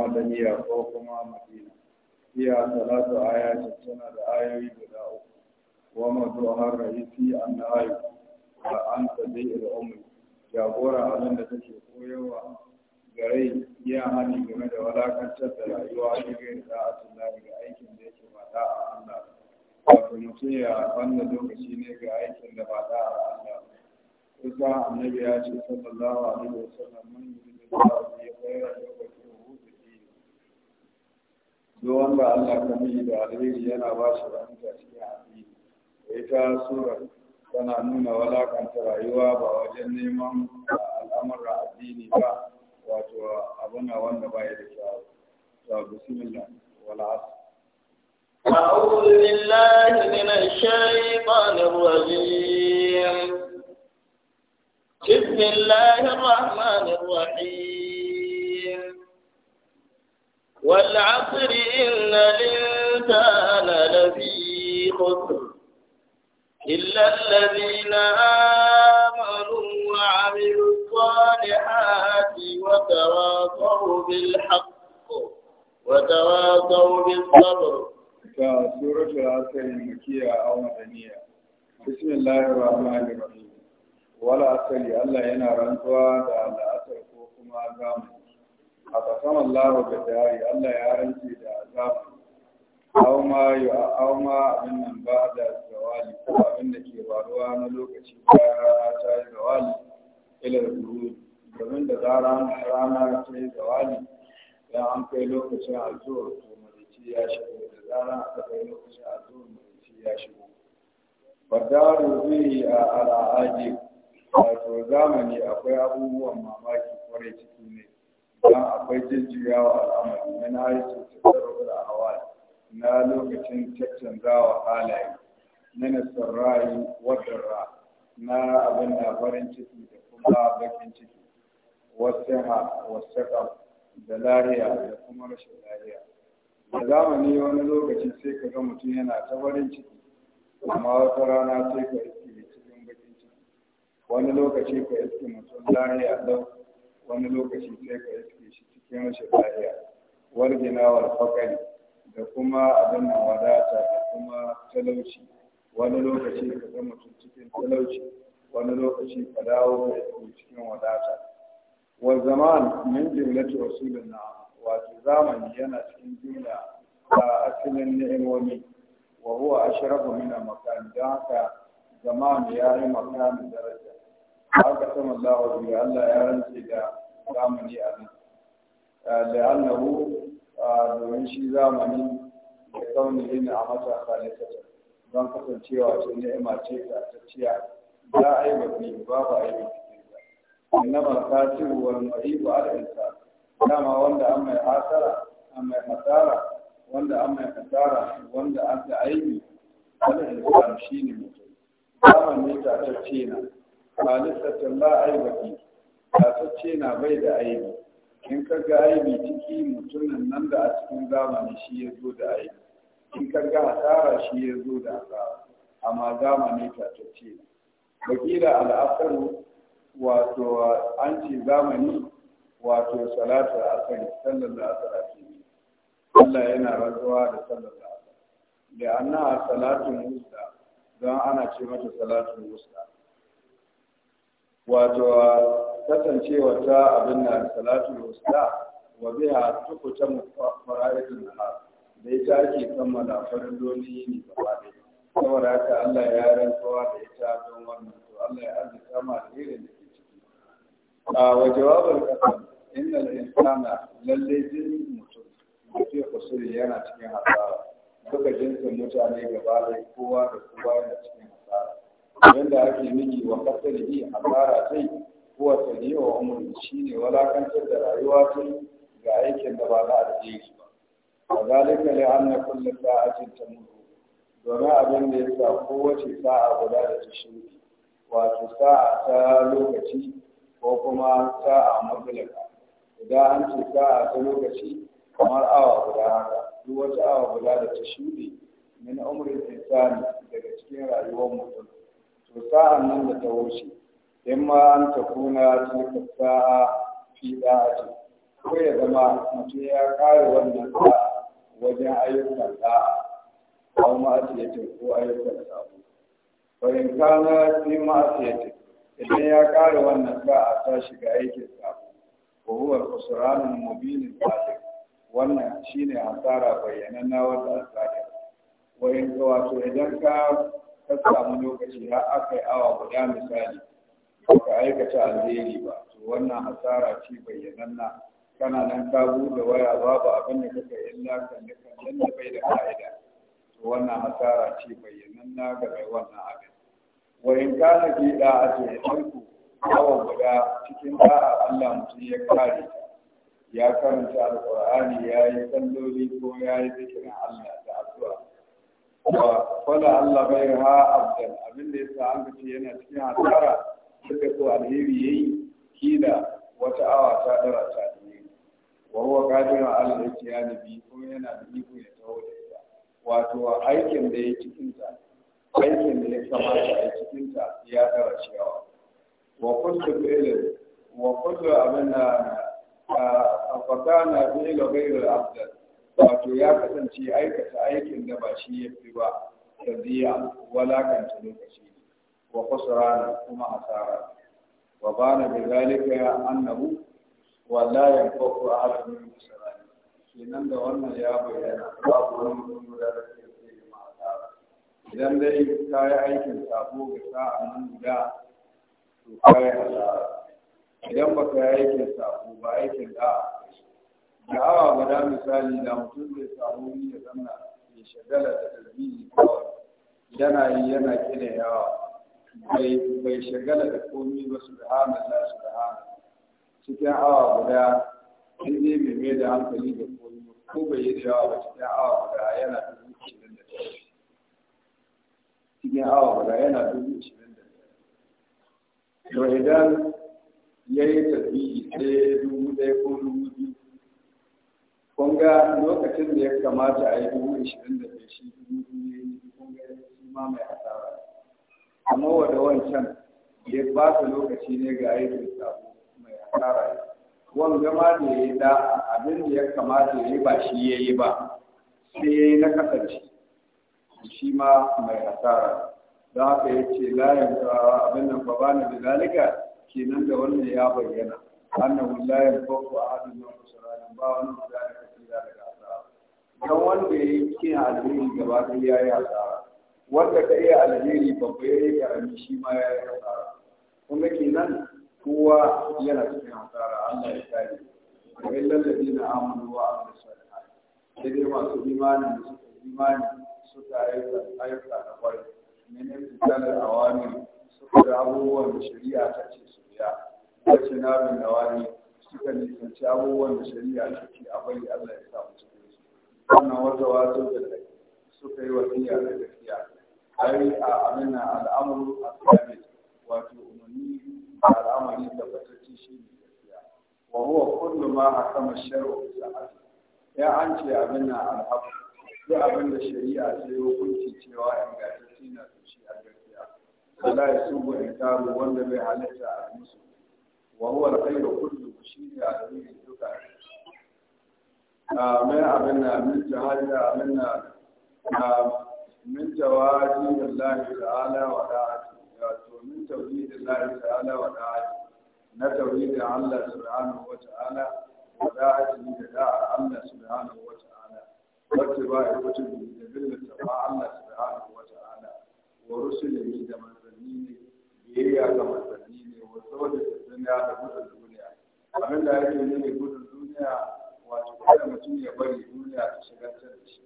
madaniya ko kuma madina iya salatu ya suna da ayoyi guda uku wa har rahisi an da ayu da an tsaye da Ya jagora abin da take koyarwa gare iya hani game da walakantar da rayuwa ta gai da atun ga aikin da yake ba a Allah wato mutum ya wannan lokaci ne ga aikin da ba da Allah kusa annabi ya ce sallallahu alaihi wasallam man yuridu Allah ya bayar da duk wanda Allah ka mishi da alheri yana ba shi rahanta cikin alheri ita sura tana nuna walakanta rayuwa ba wajen neman al'amuran addini ba wato abuna wanda ba ya da kyawu to bismillah wal asr أعوذ بالله من الشيطان الرجيم بسم الله الرحمن الرحيم والعصر إن الإنسان لفي خسر إلا الذين آمنوا وعملوا الصالحات وتواصوا بالحق وتواصوا بالصبر كسورة العصر المكية أو مدنية بسم الله الرحمن الرحيم ولا أصلي الله ينرى أنتوا على أثر كوكما زمان a kasan Allah da dari Allah ya rance da azaba aw ma aw ma abin nan ba da zawali ko abin da ke faruwa na lokaci bayan rana ta yi zawali ila ruhu domin da zaran rana ta yi zawali ya an kai lokacin azuwar to marici ya shigo da zaran aka kai lokacin azuwar marici ya shigo wadaru zai a al'aji wato zamani akwai abubuwan mamaki kwarai ciki ne don akwai jujjuyawa al'amari na yi tattaro da hawali na lokacin caccanzawa halaye na nasar rayu wadar ra na abin da farin ciki da kuma bakin ciki wasu ha wasu da lariya, da kuma rashin lariya. da zamani wani lokaci sai ka ga mutum yana ta farin ciki amma wata rana sai ka iske cikin bakin ciki wani lokaci ka iske mutum lariya lau wani lokaci sai ka iske shi cikin rashin lafiya wargina fakari da kuma abin da wadata da kuma talauci wani lokaci ka ga mutum cikin talauci wani lokaci ka dawo da cikin wadata wa zaman min jumlati rasulina wato zamani yana cikin jimla a asalin ni'imomi wa huwa ashrafu min al-makan da zaman ya yi makan daraja haka sama Allah wa Allah ya rantsi da zamani a nan eh, da a ah, domin shi zamani da kauni yin a mata khalisata don kasancewa ce ni'ima ce ta tacciya za a yi ba ba a yi ba. mafi annama kasiru mai ba al insa dama wanda an mai hasara an mai hasara wanda an mai hasara wanda an da aiki zama shi ne mutum zamani ta tacciya khalisatan la aiba fihi kasance na bai da aibi in ka ga aibi ciki mutumin nan da a cikin zamani shi ya zo da aibi in ka ga asara shi ya zo da asara amma zamani tatacce ne wakila al'asaru wato an ce zamani wato salatu asari sallar da asara Allah yana rantsuwa da sallar da asar da a salatun wusta don ana ce mata salatun wusta wato kasancewa ta abin na da wusta wa biha tukutan fara'idun nahar da ita ake kammala farin doni ne gaba ɗaya saboda haka Allah ya rantsuwa da ita don wannan to Allah ya arzika ma irin da ke ciki a wa jawabul qasam innal insana lalle jin mutum mutum kusuri yana cikin hasara duka jinsa mutane gaba kowa da kowa yana cikin hasara wanda ake miki wa kasar yi hasara sai huwa tadiyu wa umri shine walakantar da rayuwa ta ga aikin da ba na alheri ba kazalika li anna kullu sa'atin tamuru domin abin da ya yasa kowace sa'a guda da ta shuɗe wato sa'a ta lokaci ko kuma sa'a mabulaka idan an ce sa'a ta lokaci kamar awa guda haka duk wata awa guda da ta shuɗe min umri insani daga cikin rayuwar mutum to sa'an nan da ta wuce ma an tafuna kuna tilka sa'a fi da'ati ko ya zama mutum ya kare wannan sa'a wajen ayyukan sa'a ko ma'asiyatin ko ayyukan sa'a. sabo bayan kana fi ma'asiyatin idan ya kare wannan sa'a ta shiga aikin sabo ko huwa kusuranun mubinin fasik wannan shine hasara bayyananna wanda asali wayan wato idan ka ka samu lokaci har aka yi awa guda misali ka aikata alheri ba to wannan hasara ce bayyananna kana nan ka buɗe waya babu abin da kaka illa kalle kallen da bai da fa'ida to wannan hasara ce bayyananna ga mai wannan abin wa in da a ce ilku awa guda cikin da'a Allah mutum ya kare ya karanta alqur'ani ya yi salloli ko ya yi zikirin Allah da addu'a wa fala Allah bai ha abdan abin da yasa an ce yana cikin hasara suka so alheri ya yayi kila wata awa ta dara ta alheri wa huwa kadira ala al-ihtiyani bi kuma yana da iko ya tawo da ita wato aikin da ya cikin ta aikin da ya kamata a cikin ta ya dara ciyawa wa kullu fi'lin wa kullu amana fakana ila ghayr al-afdal wato ya kasance aikata aikin da ba shi yafi ba biya wala kan lokaci wa kusurana kuma asara wa bana da zalika ya annahu wala ya faku a hadu min kusurani kenan da wannan ya bayyana babu wani da ke yi ma idan ka yi aikin sabo ga nan guda to hasara. Idan ba ka yi aikin ba aikin da'a da awa guda misali da mutum zai samu ya zanna ya shagala da tarbiyyar kawai yana yi yana kina yawa bai shagala da komi ba su da hamala su da hamala cikin awa guda in ne mai mai da hankali da komi ko bai yi da yawa ba cikin awa guda yana dubu ishirin da cikin awa guda yana dubu ishirin da ɗaya to idan ya yi tafiyi sai dubu ɗaya ko dubu biyu kun ga lokacin da ya kamata a yi dubu ishirin da ɗaya shi dubu biyu kun ga shi ma mai amma wanda wancan ya ba su lokaci ne ga aikin sabo mai asara wanda ma da ya yi da abin da ya kamata ya yi ba shi ya yi ba sai ya yi na kasance shi ma mai asara da haka ya ce layin abin nan ba bani da kenan da wannan ya bayyana annahu layin ko a hadin nan ranar, ba wani guda da kasira daga asara don wanda ya yi cikin alheri gaba ɗaya ya yi asara wanda ka iya alheri babba ya yi karami shi ma ya yi hasara kuma nan kowa yana cikin hasara Allah ya kare wa illal ladina amanu wa amilu salihat sai dai masu imani da suka imani suka aika aika da kwari mene misalar awami suka da abubuwan da shari'a ta ce su biya wacce na bin awami suka nisanci abubuwan da shari'a ta ce a bari Allah ya sa mu cikin su wannan wata wato da suka yi wasiya da gaske ai a amina al'amuru a sabit wato umarni al'amari da fatacci shi ne gaskiya wa huwa kullu ma a hakama shar'u sa'ati ya an ce abin amina al'abu duk abin da shari'a ce hukunci cewa in gaskiya na to shi a gaskiya wala in inkaru wanda bai halatta a musu wa huwa al-khayru kullu shi ne alheri duka a mai abin na min jahannama min na min jawabi lillahi ta'ala wa da'ati wato min tauhid lillahi wa na tauhid Allah subhanahu wa ta'ala wa da da'a Allah subhanahu wa ta'ala wacce ba ya wuce da billata ba Allah subhanahu wa ta'ala wa rusulihi da manzanni ne biyayya ga manzanni ne wa saboda duniya da gudun duniya abin da yake ne gudun duniya wato kada mutum ya bari duniya ta shigar da shi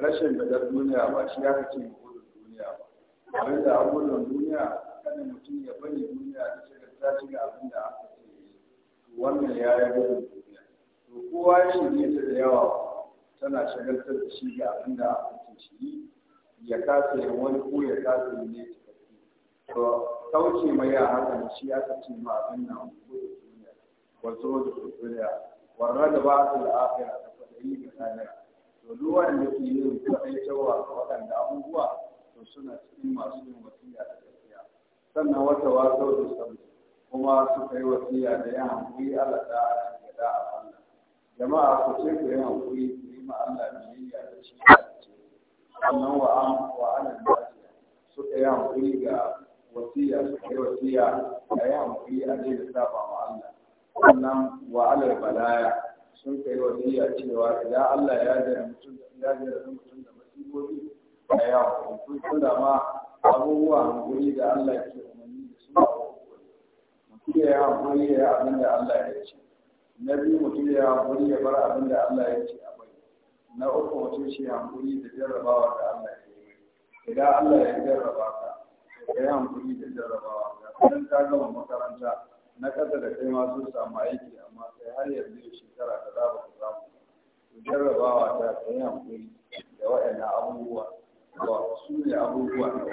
rashin gadar duniya ba shi ya kace gudun duniya ba abin da abu gudun duniya kada mutum ya bari duniya ta da ta shiga abin da aka ce wannan ya yi gudun duniya to kowa ya shige ta da yawa tana shagaltar da shi ga abin da aka ce shi ya kasa yin wani ko ya kasa yin ne to kauce mai ya haka shi ya kace ma abin nan gudun duniya wazo da duniya warra da ba akhirah da fadayi ga lahira to duk wanda ke yi yin kwaɗaitarwa ga waɗanda abubuwa to suna cikin masu yin wasiya da gaskiya sannan wata wato da sabu kuma suka yi wasiya da yan hankuri Allah da a cikin gada a fanna jama'a ku ce ku yi hankuri ku yi ma Allah biyayya da shi da ce sannan wa an wa ana lafiya suka yi hankuri ga wasiya suka yi wasiya da yi hankuri a daina saba ma Allah sannan wa alal balaya sun kai wasiya cewa idan Allah ya jira mutum ya jira mutum da masifofi a yawa kun kula ma abubuwa hankali da Allah ke umarni da suna ba mutum ya hankali ya abin da Allah ya ce na biyu mutum ya hankali ya bar abin da Allah ya ce a bai na uku mutum shi hankali da jarrabawa da Allah ya yi idan Allah ya jarraba ka ka yi hankali da jarrabawa ka idan ta gama makaranta na kasa da kai ma sun samu aiki amma sai har yanzu shekara da za ku samu ku jarrabawa ta ta yi hankali da waɗannan abubuwa wa su ne abubuwa na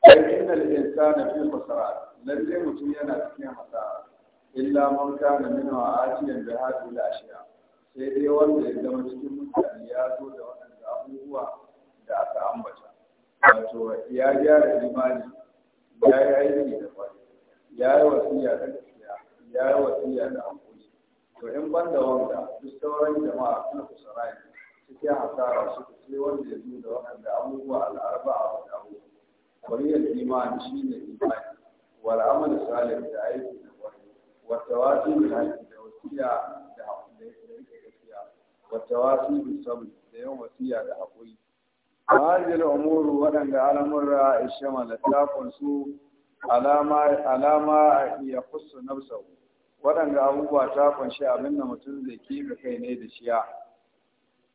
Sai Aikin da linsa na fi fasara lalle mutum yana cikin hasara illa man kana min wa ajiyan da hadu da ashiya sai dai wanda ya zama cikin mutane ya zo da waɗannan abubuwa da aka ambata wato ya gyara imani ya yi aiki da fari ya yi wasiya da gaskiya ya yi wasiya da hankali to in ban da wanda duk sauran jama'a suna kusurai suke hasara su sai wanda ya zo da waɗanda abubuwa al'arba a wata abu. Kwaliyar imani shi ne imani wal amal salih da aiki da wani wata wasu da haƙi da wasiya da haƙuri da gaskiya wata wasu da sabu da yin wasiya da haƙuri. Hajjil umuru waɗanda al'amurra ishama da takon su alama alama ya kusa nafsa waɗanda abubuwa ta kunshi abin da mutum zai ga kai ne da shiya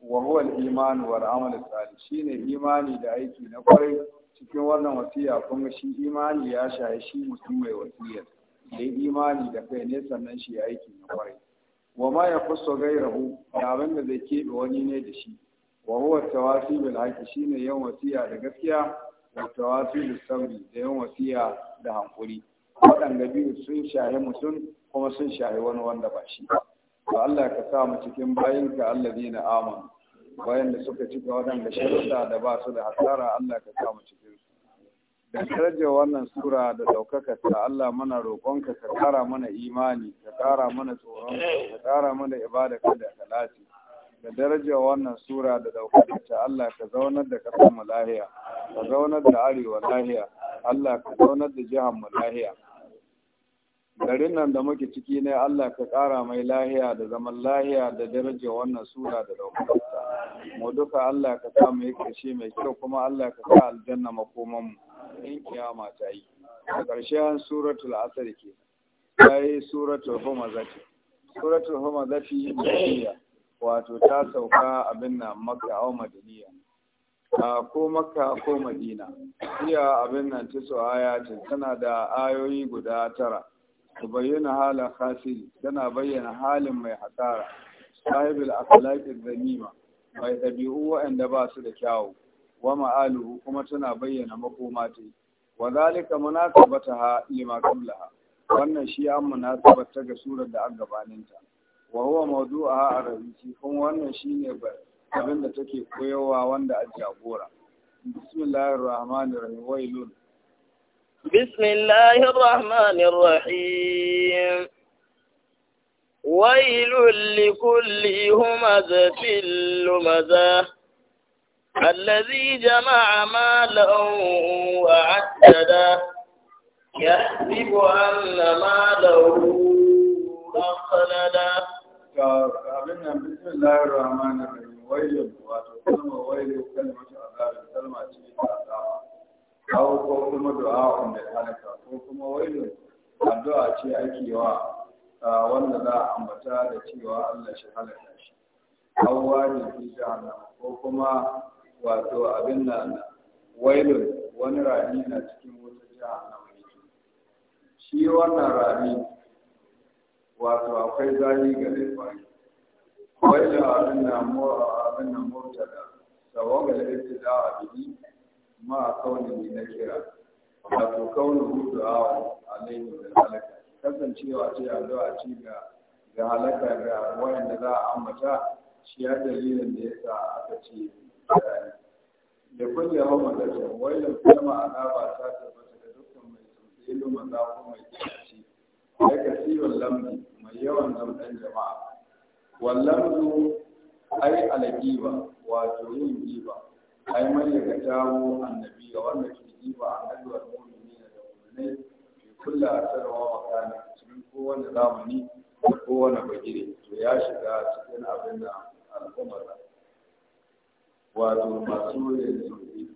wa huwa al-iman wal amal salih shine imani da aiki na kwarai cikin wannan wasiya kuma shi imani ya shaye shi mutum mai wasiyar da imani da kai ne sannan shi aiki na kwarai wa ma ya kusa gairahu da abin da zai keɓe wani ne da shi wa huwa tawasi bil haqi shine yawan wasiya da gaskiya da tawasi bil sabri da yawan wasiya da hankuri waɗanda biyu sun shahi mutum kuma sun shahi wani wanda ba shi ba Allah ka sa mu cikin bayinka na amanu bayan da suka cika waɗanda sharuɗa da ba su da hasara Allah ka sa mu cikin su da karje wannan sura da ɗaukaka ta Allah mana roƙonka ka ƙara mana imani ka ƙara mana tsoron ka ƙara mana ibada kada ka lati da daraja wannan sura da daukakarta Allah ka zaunar da ƙasar mu lahiya ka zaunar da arewa lahiya Allah ka zaunar da jihar mu lahiya garin nan da muke ciki ne Allah ka ƙara mai lahiya da zaman lahiya da daraja wannan sura da daukakarta mu duka Allah ka sa mu yi ƙarshe mai kyau kuma Allah ka sa aljanna makoman mu in kiyama ta yi a ƙarshen suratul asr ke sai suratul humazati suratul humazati mai wato ta sauka abin nan makka au madaniya ko makka ko madina iya abin nan ta aya ce tana da ayoyi guda tara ta bayyana halin hasiri. tana bayyana halin mai hasara sahibul akhlaqi zanima mai dabi'u waɗanda ba su da kyawu wa ma'aluhu kuma tana bayyana makoma ta wa zalika munasabataha lima qablaha wannan shi an munasabata ga surar da an gabaninta wa huwa mawdu'a arabici kuma wannan shine abin da take koyarwa wanda a jagora bismillahir rahmanir rahim wailun bismillahir rahmanir rahim ويل لكل همزة لمزة الذي جمع مالا وعدده يحسب أن ماله أخلده abin nan bismillahir rahmanir rahim wayyun wato kalma wayyun kalmatu azabin kalma ce ta azaba kawo ko kuma du'a wanda ya halaka ko kuma wai wayyun addu'a ce ake wa wanda za a ambata da cewa Allah shi halaka shi hawa ne fi jahannama ko kuma wato abin nan wayyun wani rami na cikin wata jahannama yake shi wannan rami wato akwai zani ga laifari wai da abin na abin na mota da tsawon ga laifin da a biyu ma a kaunin na kira wato kaunin hudu a laifin da halaka kasancewa ce a zo a ci ga ga halaka ga wayanda za a ambata shi ya dalilin da ya sa aka ce da kulle hau wai da kuma a ba ta tabbata da dukkan mai tsuntsilu maza ko mai tsuntsilu ya siyon lambi mai yawan zamɗan jama'a wallan zu ai alaƙiba wato yin jiba ai man yaga jawo annabi ga wanda ke jiba annabi wal mu'mini da mu'minai fi kullu asarwa makani cikin kowane zamani da kowane bagire to ya shiga cikin abin da al'ummar wato masu yin zurfi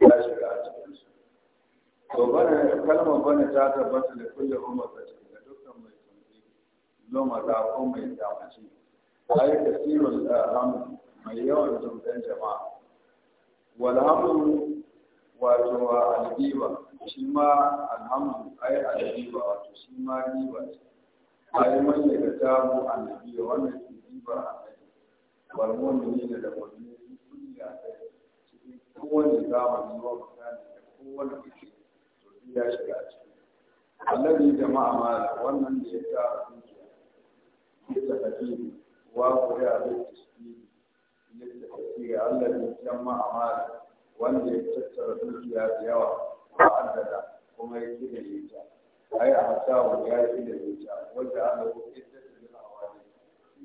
ya shiga cikin su to bana kalmar bana ta tabbata da kullum umar ta cikin loma za ko mai damaci ai kasirul eh, hamd mai yawan zumban jama'a wal hamd wato algiba shi ma alhamdu ai algiba wato shi ma giba ce ai man ya ga tabu annabi wannan ke giba annabi wal mu'mini da mu'mini su kulli a kai cikin kowane zamani wa mutane da kowane kici to ya shiga ciki annabi jama'a ma wannan da ya ta للتقديم وقرئ بالتسليم للتقدير الذي جمع مالا wanda ya tattara dukiya da yawa ba addada kuma ya ki da yita ai a hasawa ya ki da yita wanda aka ko idda da yin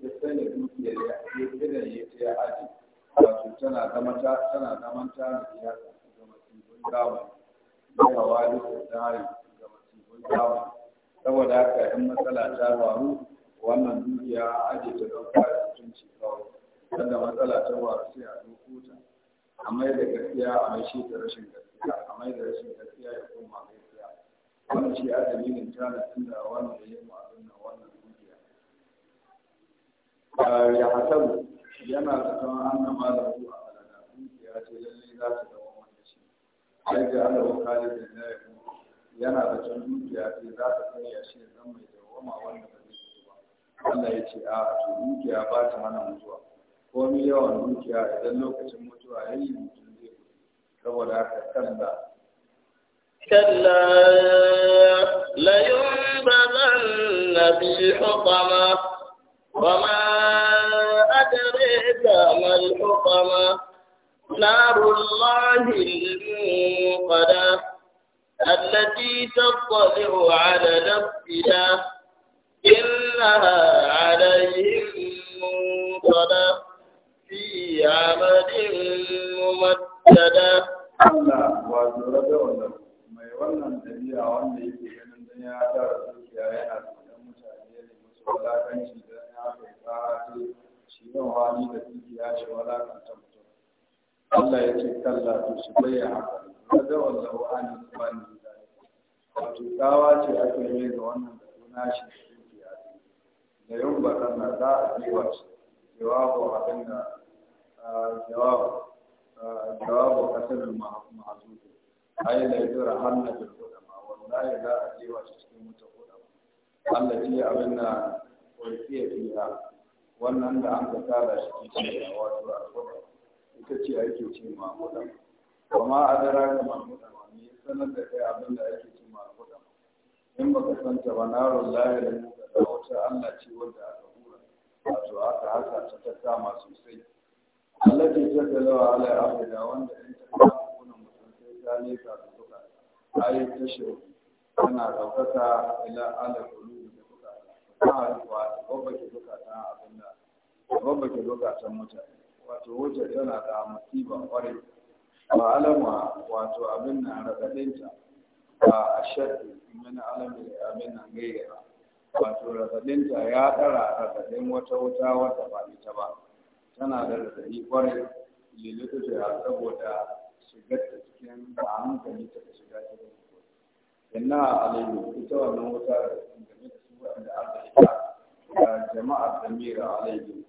ya sanya dukiya ya ki da yita ya aji wato tana zama ta tana zaman ga masibin dawo da da saboda haka 'yan matsala ta wannan dukiya aje ta ɗauka kare mutunci kawai wanda matsala ta faru sai a doko ta a mai da gaskiya a mai shi da rashin gaskiya a mai da rashin gaskiya ya koma gaskiya wannan shi a dalilin tana tunda wannan ya yi ma'azin na wannan dukiya ya hasabu yana zaton an na malamu a da. dukiya ce lallai za ta zama wanda shi ai ga ala wakali da na yana da zaton dukiya ce za ta kai ya shi zama mai dawama wanda Allah ya ce a to dukiya ba ta hana mutuwa komi yawan dukiya idan lokacin mutuwa ya yi mutum zai mutu saboda haka kalla kalla la yunbazanna fi hukama wa ma adraka mal hukama narullahi al-muqada التي تطلع على نفسها إنها عليهم منصدة في عمد ممددة Allah wato rabe wannan mai wannan wanda ganin ya tara dukiya yana tsoron mutane ce wani da dukiya shi walakanta mutum Allah ya ce kalla to shi bayyana haka rabe wanda wa'ani ba wa ta'ala wato tsawa ce ake yi ga wannan da suna shi da yau ba ɗan na za a biwa shi jawabu abin da jawabu jawabu asalin masu ai da yau da hannu da kudama wallahi za a biwa shi cikin mutu kudama Allah ce abin da kwaifiyar fiya wannan da an ka tsara shi cikin wato a kudama ita ce ake ce ma kuɗa. Kuma a dara ga mahmudama ne sanar da kai abin da ake ce ma kuɗa. in ba baka santa ba na rullahi da muka da wata Allah ce wanda aka hura wato aka haka ta ta kama sosai Allah ke tattalawa ala abida wanda in ta kama kunan mutum sai ta leka da suka ayi ta shiru tana ɗaukaka ila ala kulu da suka ta haifuwa babba ke bukatan abin da babba ke bukatan mutane wato wuce tana da musiba kwarai ba alama wato abin na raɗaɗinta ba a shaɗi min alamin abin nan gayyara wato rasadinta ya ɗara rasadin wata wuta wata ba ita ba tana da rasadi kwarai lilitu ta saboda shigar ta cikin da hankali ta shiga cikin inna alayhi ita wannan wuta da game da su wanda aka yi ta jama'a samira alayhi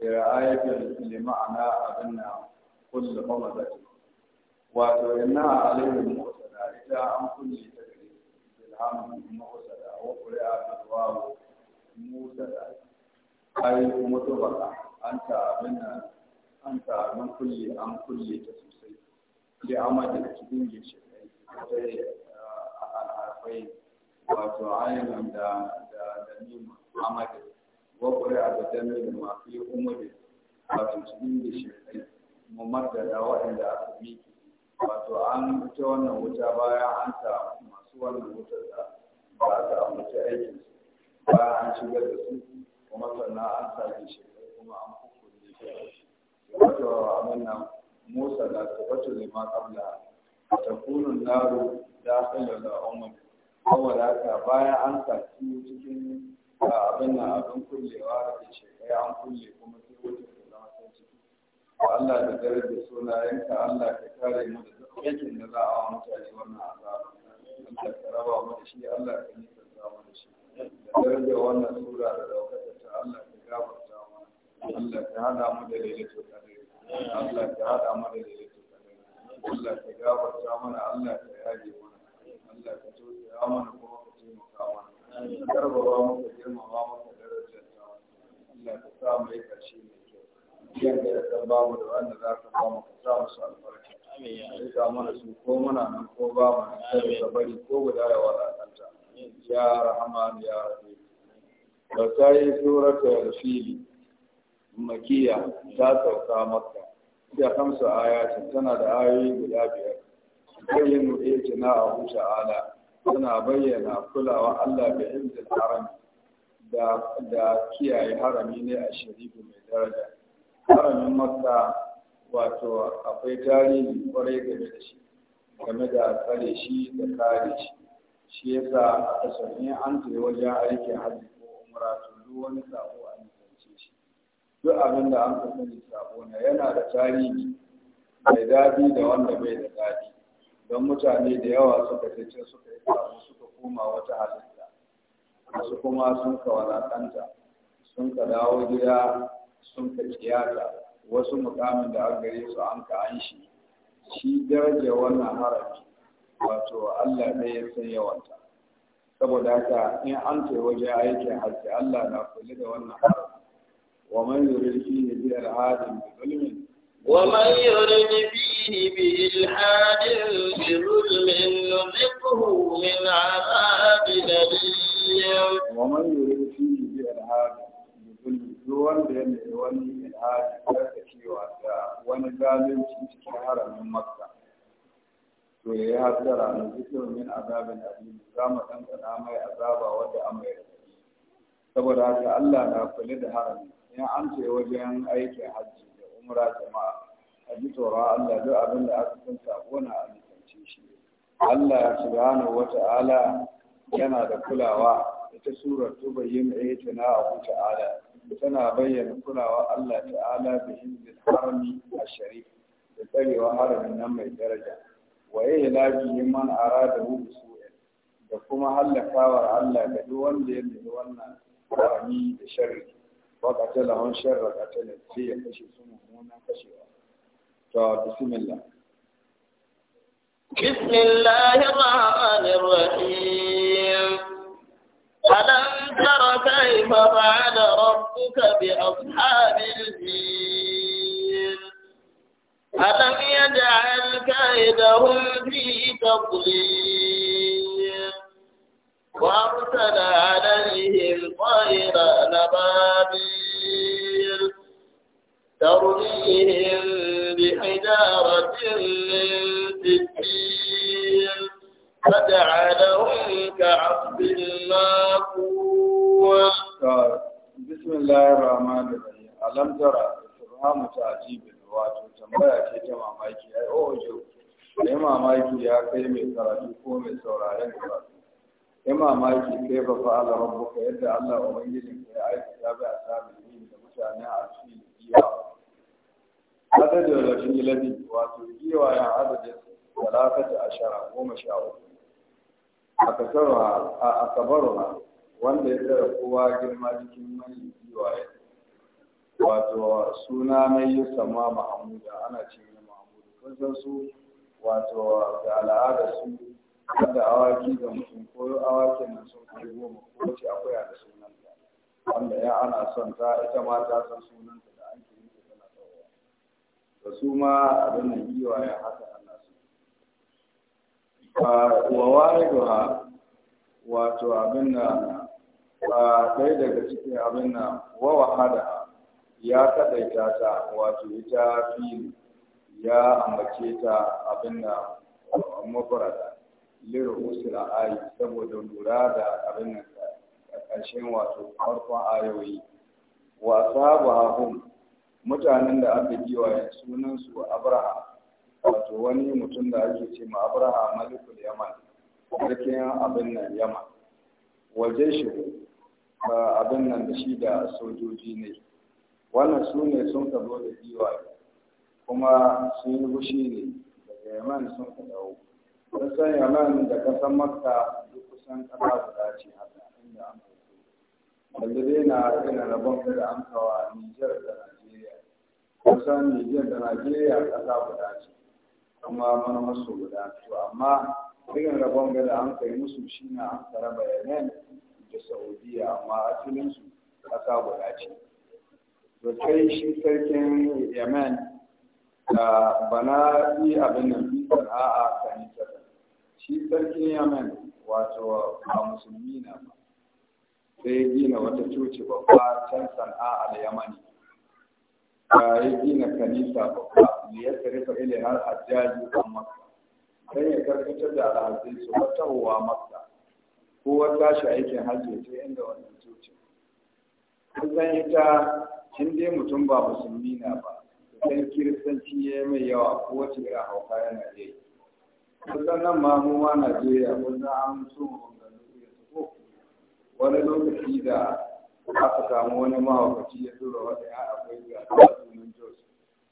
ma'ana lima'ana abinna kullu hamazati wato inna alayhi mu'tada ita an kulli ta gare bilhamu mu'tada kawakule a kasuwa mu da kayi kuma tuba ka an ta abin kulle an kulle ta sosai da amma da ke dinge shi kai sai a alharfai wato ayyukan da da da nima amma da kawakule a mafi kuma wato su dinge mu madada waɗanda a kuɓi wato an ta wannan wuta baya an ta masu wannan wutar da ba a ambaci aikin su ba an shigar da su kuma sannan an sake shi kuma an kukkuri shi wato abin nan musa da tabbatu ne ma kabla ta kunun naro da hanyar da umar saboda haka bayan an saki cikin abin nan abin kullewa da kai an kulle kuma sai wajen da zama san ciki Allah da darajar sunayenka Allah ka kare mu da duk aikin da za a wa mutane wannan azaba Allah ta raba mu da shi Allah ka nisanta mu da shi da darajar wannan sura da daukar ta Allah ka gabata mana Allah ka hada mu da lailatul qadr Allah ka hada mu da lailatul Allah ka gafarta mana Allah ka yaje mana Allah ka ya mana kuma ka taimaka mana karbaba mu ka girmama mu ka darajar ta Allah ka sa mu yi karshe mai kyau yadda da san bamu da wanda za ka bamu ka sa musu albarka rika mana su ko muna nan ko ba mu da bari ko guda ya wadakanta ya rahman ya rahim da ta yi suratul fili makiya ta sauka makka da kamsa ayatin tana da ayoyi guda biyar bayyana jina a huta ala tana bayyana kulawa Allah da himzil harami da kiyaye harami ne a sharifu mai daraja haramin makka wato akwai tarihi kwarai game da shi game da tsare shi da kare shi shi ya yasa aka sanye an tsaye wajen aikin hajji ko umra to duk wani sabo a nisance shi duk abin da an sani sabo na yana da tarihi mai daɗi da wanda bai da daɗi don mutane da yawa suka tace suka yi sabo suka koma wata halitta wasu kuma sun ka sun ka dawo gida sun ka tiyata wasu mukamin da aka gare su an ka an shi shi daraja wannan harafi wato Allah ne ya san yawanta saboda haka in an ce waje aikin hajji Allah na kula da wannan harafi wa man yurid fihi bi al-hadim bi zulmin wa man yurid fihi bi al-hadim bi zulmin nuziquhu min 'adabin alim wa man yurid fihi bi al zulmi duk wanda ya nemi wani ilhadi karkacewa da wani zalunci cikin haramin makka to ya yi hasara na zikirin min azabin alim za mu ɗanɗana mai azaba wanda an mai saboda haka Allah na kula da harami in an ce wajen aikin hajji da umra jama'a a ji tsoron Allah duk abin da aka san sako na a shi Allah subhanahu wata'ala yana da kulawa ita surar tubayyin na a ta'ala tana bayyana kulawa Allah ta'ala da hizbin harami a sharif da tsarewa haramin nan mai daraja wa ya yin man arada hu su'in da kuma hallakawar Allah ga duk wanda ya nemi wannan harami da sharri wa qatala hun sharra qatala sai ya kashe su mummunan kashewa to bismillah بسم الله الرحمن تر كيف فعل ربك بأصحاب الفيل ألم يجعل كيدهم في تضليل وأرسل عليهم طيرا نبابيل ترميهم بحجارة من سجيل فجعلهم كعصف ماكوس بسم الله الرحمن الرحيم ألم ترى سبحان tambaya ce ta ya kai mai karatu ko mai sauraren karatu sai mamaki kai ba fa Allah rabbuka yadda Allah ubangijin ka ya aikata bai asabi yin da mutane a cikin giwa adadin wato giwa ya adadin talata da goma sha a kasarwa a asabarwa wanda ya tsara kowa girma cikin manyan giwaye wato suna na yi sama mahamuda ana ce mai mahamudu kun san su wato da al'ada su da awaki ga mutum ko awakin nan sun kai goma ko ce akwai da sunan ta wanda ya ana son ta ita ma ta san sunan ta da an yi da tana tsawo da su ma abin nan giwaye haka wa wariduha wato abin na ɗaya daga cikin abin na wa hada ya kaɗaita ta wato ita fi ya ambace ta abin na mafarata lera usul ayi saboda lura da abin na ƙarshen wato farkon ayoyi wasa ba mutanen da aka giwaye sunansu abraham wato wani mutum da ake ce ma abraham malikul yaman sarkin abin nan yaman waje shi abin nan da shi da sojoji ne wannan su ne sun ka zo da giwaye kuma sun yi gushi ne daga yaman sun ka dawo sun san yaman da kasan makka duk kusan kasa guda ce haka inda an kalli dai na ina rabon da an a nijar da najeriya kusan nijar da najeriya kasa guda ce kuma mana musu guda to amma irin rabon gada an kai musu shi na an tsara bayanan da saudiya amma asalin su ƙasa guda ce to kai shi sarkin yemen da bana yi abin nan bi sana'a kan shi sarkin yemen wato a musulmi na ba sai gina wata coci babba can sana'a al-yamani ya gina kanisa da ya tarifa ile har hajjaji a makka sai ya karkatar da alhazai su fatahowa makka ko wata shi aikin hajji ta inda wannan cocin kun san ita kin dai mutum ba musulmi na ba sai kiristanci ya yi mai yawa ko wace irin hauka yana iya yi kusan nan ma mu ma najeriya mun san an so mu ko wani lokaci da aka samu wani mahaukaci ya tura wata ya akwai ga birnin jos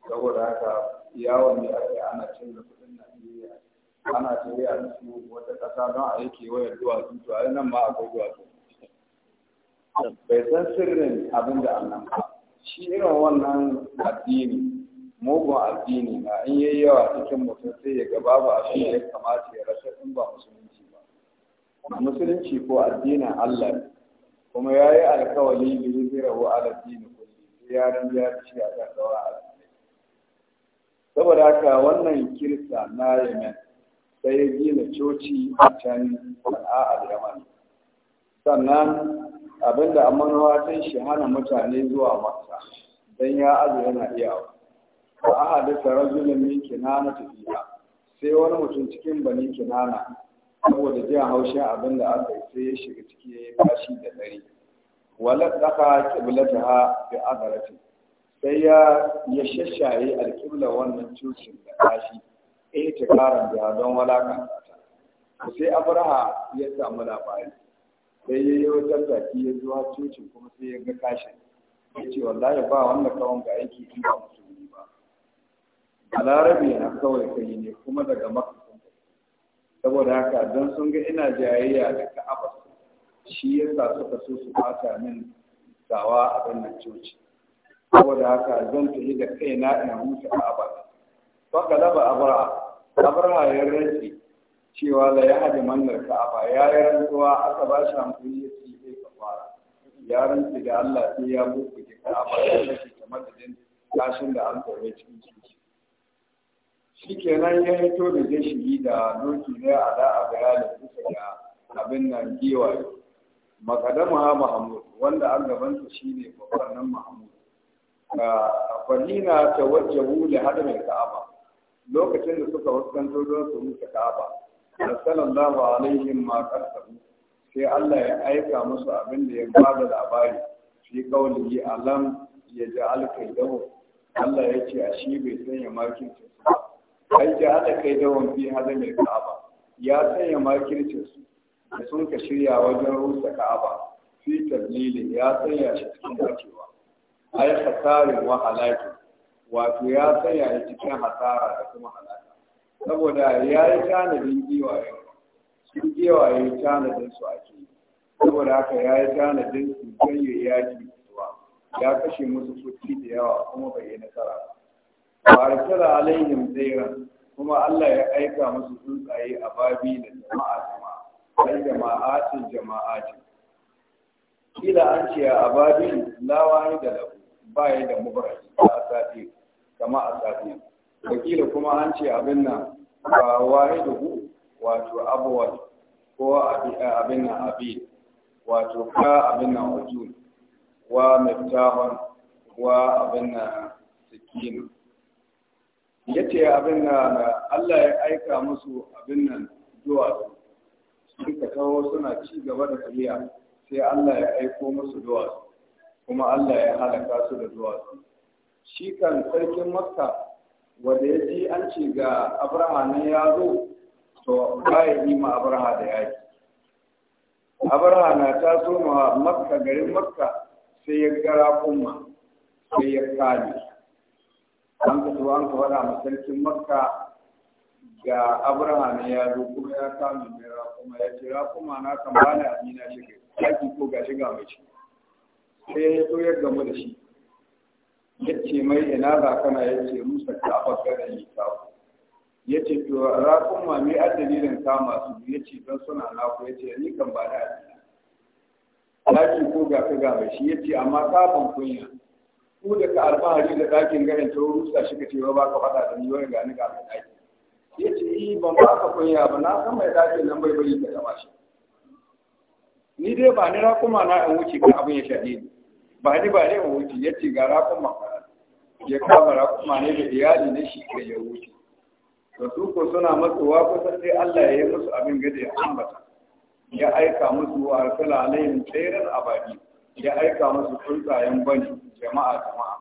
saboda haka yawon ne aka yi ana cin da kudin najeriya ana tafiya da su wata ƙasa don a yi kewayar duwatsu to a nan ma akwai duwatsu bai san sirrin abin da annan ba shi irin wannan addini mugun addini na in yi yawa cikin mutum sai ya ga babu abin da ya kamata ya rasa in ba musulunci ba musulunci ko addinin Allah kuma ya yi alkawali bi zira wa ala ya rinja da a kan sauran saboda haka wannan kirsa na yamen sai ya gina coci a can sana'ar yaman sannan abinda amanuwa sun shi hana mutane zuwa masa don ya azu yana iya wa ahadisa rajulun min kinana tafiya sai wani mutum cikin bani kinana saboda jin haushin abin da aka yi sai ya shiga ciki ya yi bashi da ɗari. waladdaka qiblataha bi adarati sai ya ya shashaye alqibla wannan cocin da kashi eh ta karan da don walaka sai abraha ya samu labari sai ya yi wajen zaki ya zuwa cocin kuma sai ya ga kashin ya ce wallahi ba wannan kawon ga aiki in ba musulmi ba balarabe na kawai kai ne kuma daga makasin saboda haka don sun ga ina jayayya da ka'abar shi yasa suka so su bata min dawa a wannan coci saboda haka zan tafi da kaina in musu a ba fa galaba abra abra ya rantsi cewa la ya hada mannar ka'aba ya yi rantsuwa aka ba shi hankali ya ci zai kafara ya rantsi da Allah sai ya buku ki ka'aba ya kashe ta madadin kashin da an tsore cikin ciki shi kenan ya hito da jashiri da doki ne a da'a bayanin kusa da abin nan giwaye makadama mahmud wanda an gabanta shine babban nan mahmud fahina ta wajjahu hada mai ka'aba lokacin da suka fuskanto don su mutu ka'aba sallallahu alaihim ma qasamu sai Allah ya aika musu abin da ya da labari fi qawlihi alam yaj'al kaidahu Allah ya ce a shi bai sanya makircin su ba ai ja hada kaidahun hada mai ka'aba ya sanya makircin su da sun ka shirya wajen rusa ka'aba fi tablilin ya sanya shi cikin dacewa ai hasarin wa halaki wato ya sanya shi cikin hasara da kuma halaka saboda ya yi tanadin giwaye su giwaye tanadin su ake saboda haka ya yi tanadin su ganye yaki zuwa ya kashe musu kuɗi da yawa kuma bai yi nasara ba ba a kira alaihim zairan kuma Allah ya aika musu tsuntsaye a babi da jama'a jama'a wani jama'atin jama'atin kila an ce a abadin lawani da labu ba ya da mubarak a asafi kama a da wakila kuma an ce abin nan ba waye da hu wato abuwal ko abin nan abin wato ka abin nan wajun wa miftahon wa abin nan sikinu ya ce abin nan Allah ya aika musu abin nan duwatsu suka kawo suna ci gaba da tafiya sai Allah ya aiko musu duwatsu kuma Allah ya halaka su da duwatsu shi kan sarkin makka wanda ya ji an ce ga abraha ne ya zo to ya yi ma abraha da yaki abraha na taso ma makka garin makka sai ya gara kuma sai ya kame an ka an ka faɗa ma sarkin makka ga abraham ya zo kuma ya samu mai kuma ya ce kuma na kan ni amina shi ga yaki ko ga shiga mai shi sai ya so ya gamu da shi ya ce mai ina ba kana ya ce musa ta abakar ni ta ya ce to kuma mai adalilin kama su ya ce dan suna na ku ya ce ni kan bani amina yaki ko ga ka ga mai shi ya ce amma kafin kunya ku da ka alfahari da ɗakin ganin ta musa shi ka ce ba ka faɗa da ni wani ga ni ga ɗaki ya ce yi eh, ban ba ka kunya ba na san mai dace nan bai bai da gaba shi ni dai ba ni rakuma na in wuce kan abin ya shaɗe ni ba ni ba dai in wuce ya ce ga rakuma ya kama rakuma ne da iyali ne shi kai ya wuce to su ko suna matsowa kusan sai Allah ya yi musu abin gada ya ambata ya aika musu wa arsala alaihim tsairan abadi ya aika musu tsuntsayen bani jama'a jama'a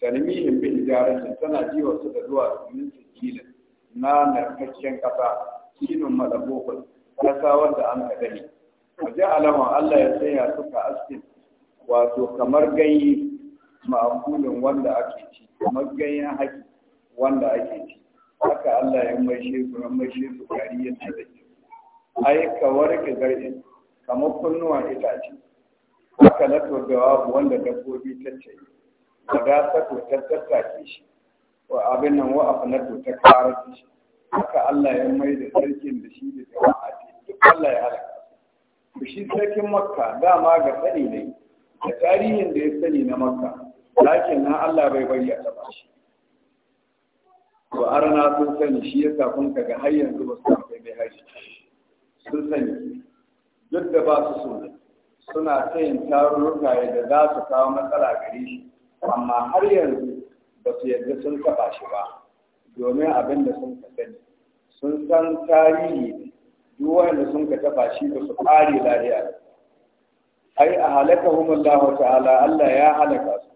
talmihim bi ijaratin tana jiwa su da zuwa min sikilin na narkakken ƙasa cikin malabokul Kasa wanda an ka dani a ji alama Allah ya ya suka askin wato kamar ganyi ma'amfulin wanda ake ci kamar ganyen haki wanda ake ci haka Allah ya maishe su mai maishe su gari yadda da ke ai ka warke garin kamar kunnuwan itace haka na turgawa wanda dabbobi ta ce wadatar ta tattaki shi wa abin nan wa afnatu ta karar da shi haka Allah ya mai da sarkin da shi da jama'a ce Allah ya halaka to shi sarkin makka dama ga sani ne da tarihin da ya sani na makka lakin na Allah bai bari a taba shi to arna sun sani shi ya sa kun kaga har yanzu ba su kai mai haji sun sani duk da ba su sun suna ta yin tarurruka da za su kawo matsala gare shi amma har yanzu ba su yarda sun taɓa shi ba domin abin da sun ka sani sun san tarihi ne duk wanda sun ka taɓa shi ba su ƙare lahiya ai a halaka humallahu ta'ala Allah ya halaka su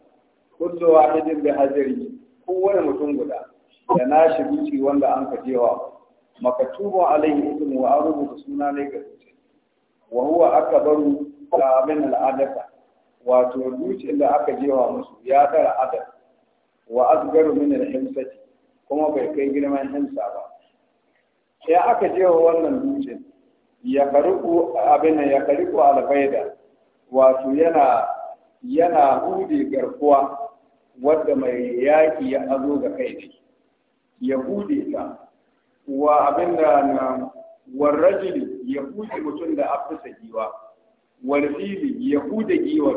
kullu wahidin bi hazari kowane mutum guda da na shi duki wanda an ka jewa makatubu alaihi ismu wa arubu suna ne ga zuci wa huwa akbaru ka min al'adata wato dukiyar da aka jewa musu ya tara adada wa asgaru min al-himsati kuma bai kai girman himsa ba sai aka je wa wannan dutse ya kariku abin ya kariku albaida wato yana yana hudi garkuwa wadda mai yaki ya azo ga kai ne ya hudi ta wa abin da na warrajili ya hudi mutum da afisa giwa warfili ya hudi giwa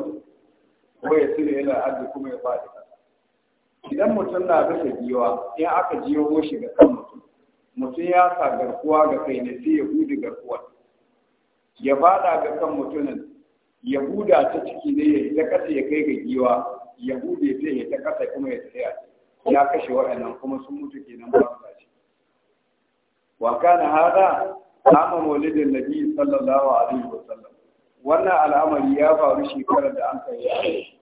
ko ya sirri ila arzi kuma ya faɗi idan mutum na gasa jiwa in aka jiyo shi ga kan mutum mutum ya sa garkuwa ga kai ne sai ya hudu garkuwa ya bada ga kan mutumin ya huda ta ciki ne ya ta kasa ya kai ga jiwa ya hude sai ya ta kasa kuma ya tsaya ya kashe waɗannan kuma sun mutu kenan ba su wa kana hada amma maulidin nabi sallallahu alaihi sallam wannan al'amari ya faru shekarar da an kai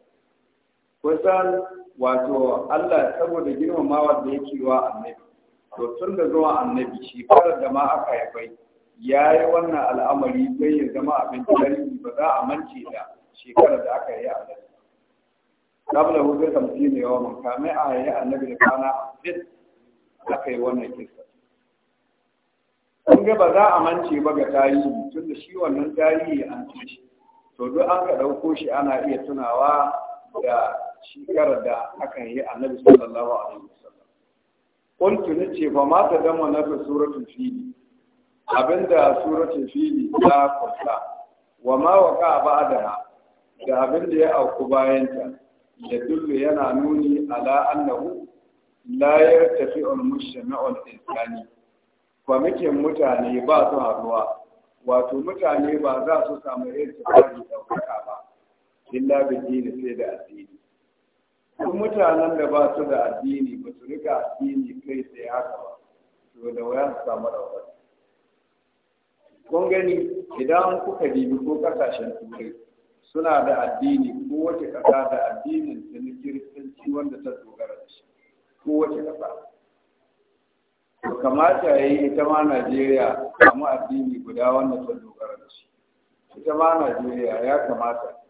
kusan wato Allah saboda girmamawa da yake wa annabi to tun da zuwa annabi shi fara da ma aka haifai ya yi wannan al'amari sai ya zama abin tarihi ba za a mance da shekarar da aka yi annabi kabla hujjar tamsi ne yawa mun kame a yi annabi da kana hamsin aka yi wannan kisa kun ga ba za a mance ba ga tarihi tun da shi wannan tarihi an ci shi to duk an ka ɗauko shi ana iya tunawa da shekarar da aka yi annabi sallallahu alaihi wasallam kuntu nace fa ma ta dama na suratul fili abinda suratul fili ta kwata wa ma waka ba'daha da abinda ya auku bayanta ya dullu yana nuni ala annahu la yartafi'u al-mujtama'u al-insani kwamitin mutane ba su haruwa wato mutane ba za su samu irin tsari ɗaukaka ba illa bidini sai da addini duk mutanen da ba su da addini ba su rika addini kai sai haka ba to da waya su samu ɗaukar kun gani idan kuka dibi ko kasashen turai suna da addini ko wace ƙasa da addinin da na kiristanci wanda ta dogara da shi ko wace ƙasa to kamata ya yi ita ma najeriya samu addini guda wanda ta dogara da shi ita ma najeriya ya kamata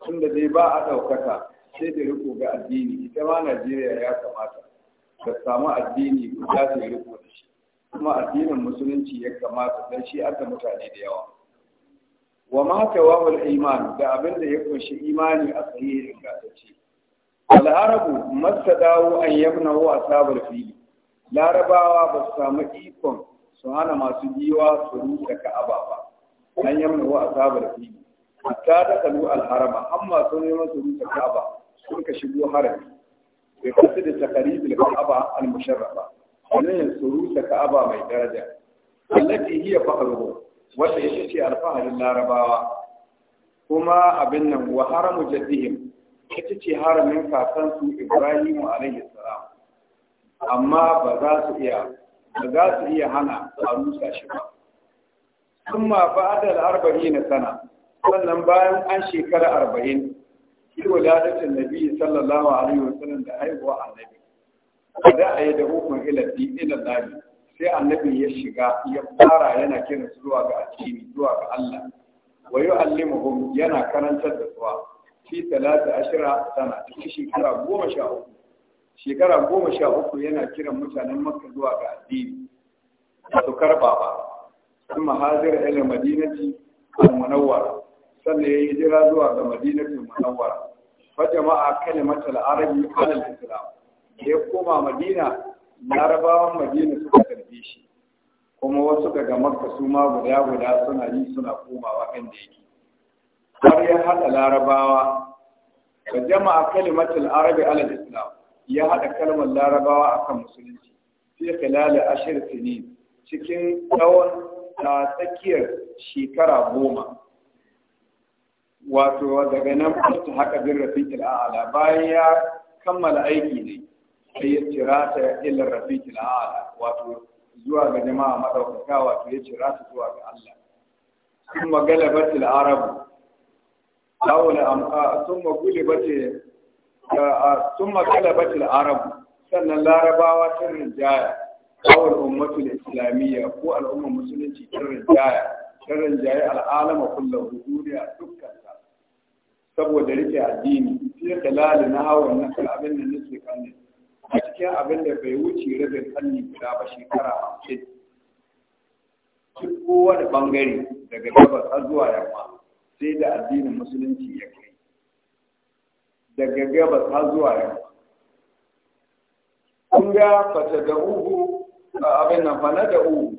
tunda dai ba a ɗaukaka sai da riko ga addini ita ma Najeriya ya kamata ta samu addini guda ta riko da shi kuma addinin musulunci ya kamata dan shi aka mutane da yawa wa ma tawahul iman da abin da ya kunshi imani a sahihi ingantacce al arabu dawo an yabna wa asabul fili larabawa ba su samu ikon su hana masu giwa su rusa ka'aba ba an yabna wa asabul fili ta da kalu al harama amma sun yi masu rusa ka'aba sun shigo harami bai kasu da takaribul ka'aba al-musharrafa wannan yanzu rusa ka'aba mai daraja allati hiya fahruhu wanda ya ce alfaharin larabawa kuma abin nan wa haramu jaddihim ita ce haramin kakansu ibrahim alaihi salam amma ba za su iya ba za su iya hana a rusa shi ba kuma ba da arba'in sana sannan bayan an shekara arba'in fi wadatin nabi sallallahu alaihi wasallam da haihuwa annabi da ayi da hukun ilabi, ila nabi sai annabi ya shiga ya fara yana kiran zuwa ga addini zuwa ga Allah wa yu'allimuhum yana karantar da suwa fi talata ashira sana cikin shekara goma sha uku shekara goma sha uku yana kiran mutanen makka zuwa ga addini ba su karɓa ba sun mahazir ilil madinati al-munawwara sannan ya yi jira zuwa ga madinatul munawwara fa jama'a kalimatul arabi alal islam ya koma madina larabawan madina suka karbe shi kuma wasu daga makka su ma guda guda suna yi suna komawa kan da yake har ya hada larabawa da jama'a kalimatul arabi alal islam ya haɗa kalmar larabawa akan musulunci fi khilal ashir sinin cikin tsawon ta tsakiyar shekara goma wato daga nan kuma haka bin rafiqil a'ala bayan ya kammala aiki ne sai ya cira ta ila rafiqil a'ala wato zuwa ga jama'a madaukaka wato ya cira ta zuwa ga Allah kuma galabatil arab dawla am thumma gulibat thumma galabatil arab sannan larabawa sun rinjaya kawar al islamiyya ko al-umma musulunci sun rinjaya sun al-alama kullu duniya duk saboda rike addini ya dalali na hawan na abin da nake kanne a cikin abin da bai wuce rabin kanni guda ba shekara hamsin duk kowane bangare daga gabas har zuwa yamma sai da addinin musulunci ya kai daga gabas har zuwa yamma kun ga fata da uhu abin nan fa na da uhu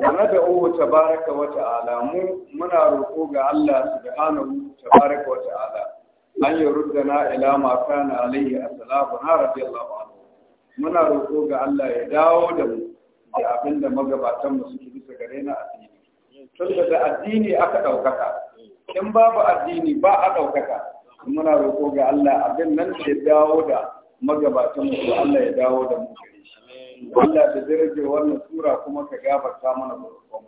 wa nad'u tabaraka wa ta'ala mu muna roko ga Allah subhanahu tabaraka wa ta'ala an na ila ma kana alayhi as na radiyallahu anhu muna roko ga Allah ya dawo da mu da abinda magabatan mu suke bisa gare na addini tun da addini aka ɗaukaka in babu addini ba a ɗaukaka muna roko ga Allah abin nan ya dawo da magabatan mu Allah ya dawo da mu gare shi wanda da darajar wannan tura kuma ka gabata mana barkon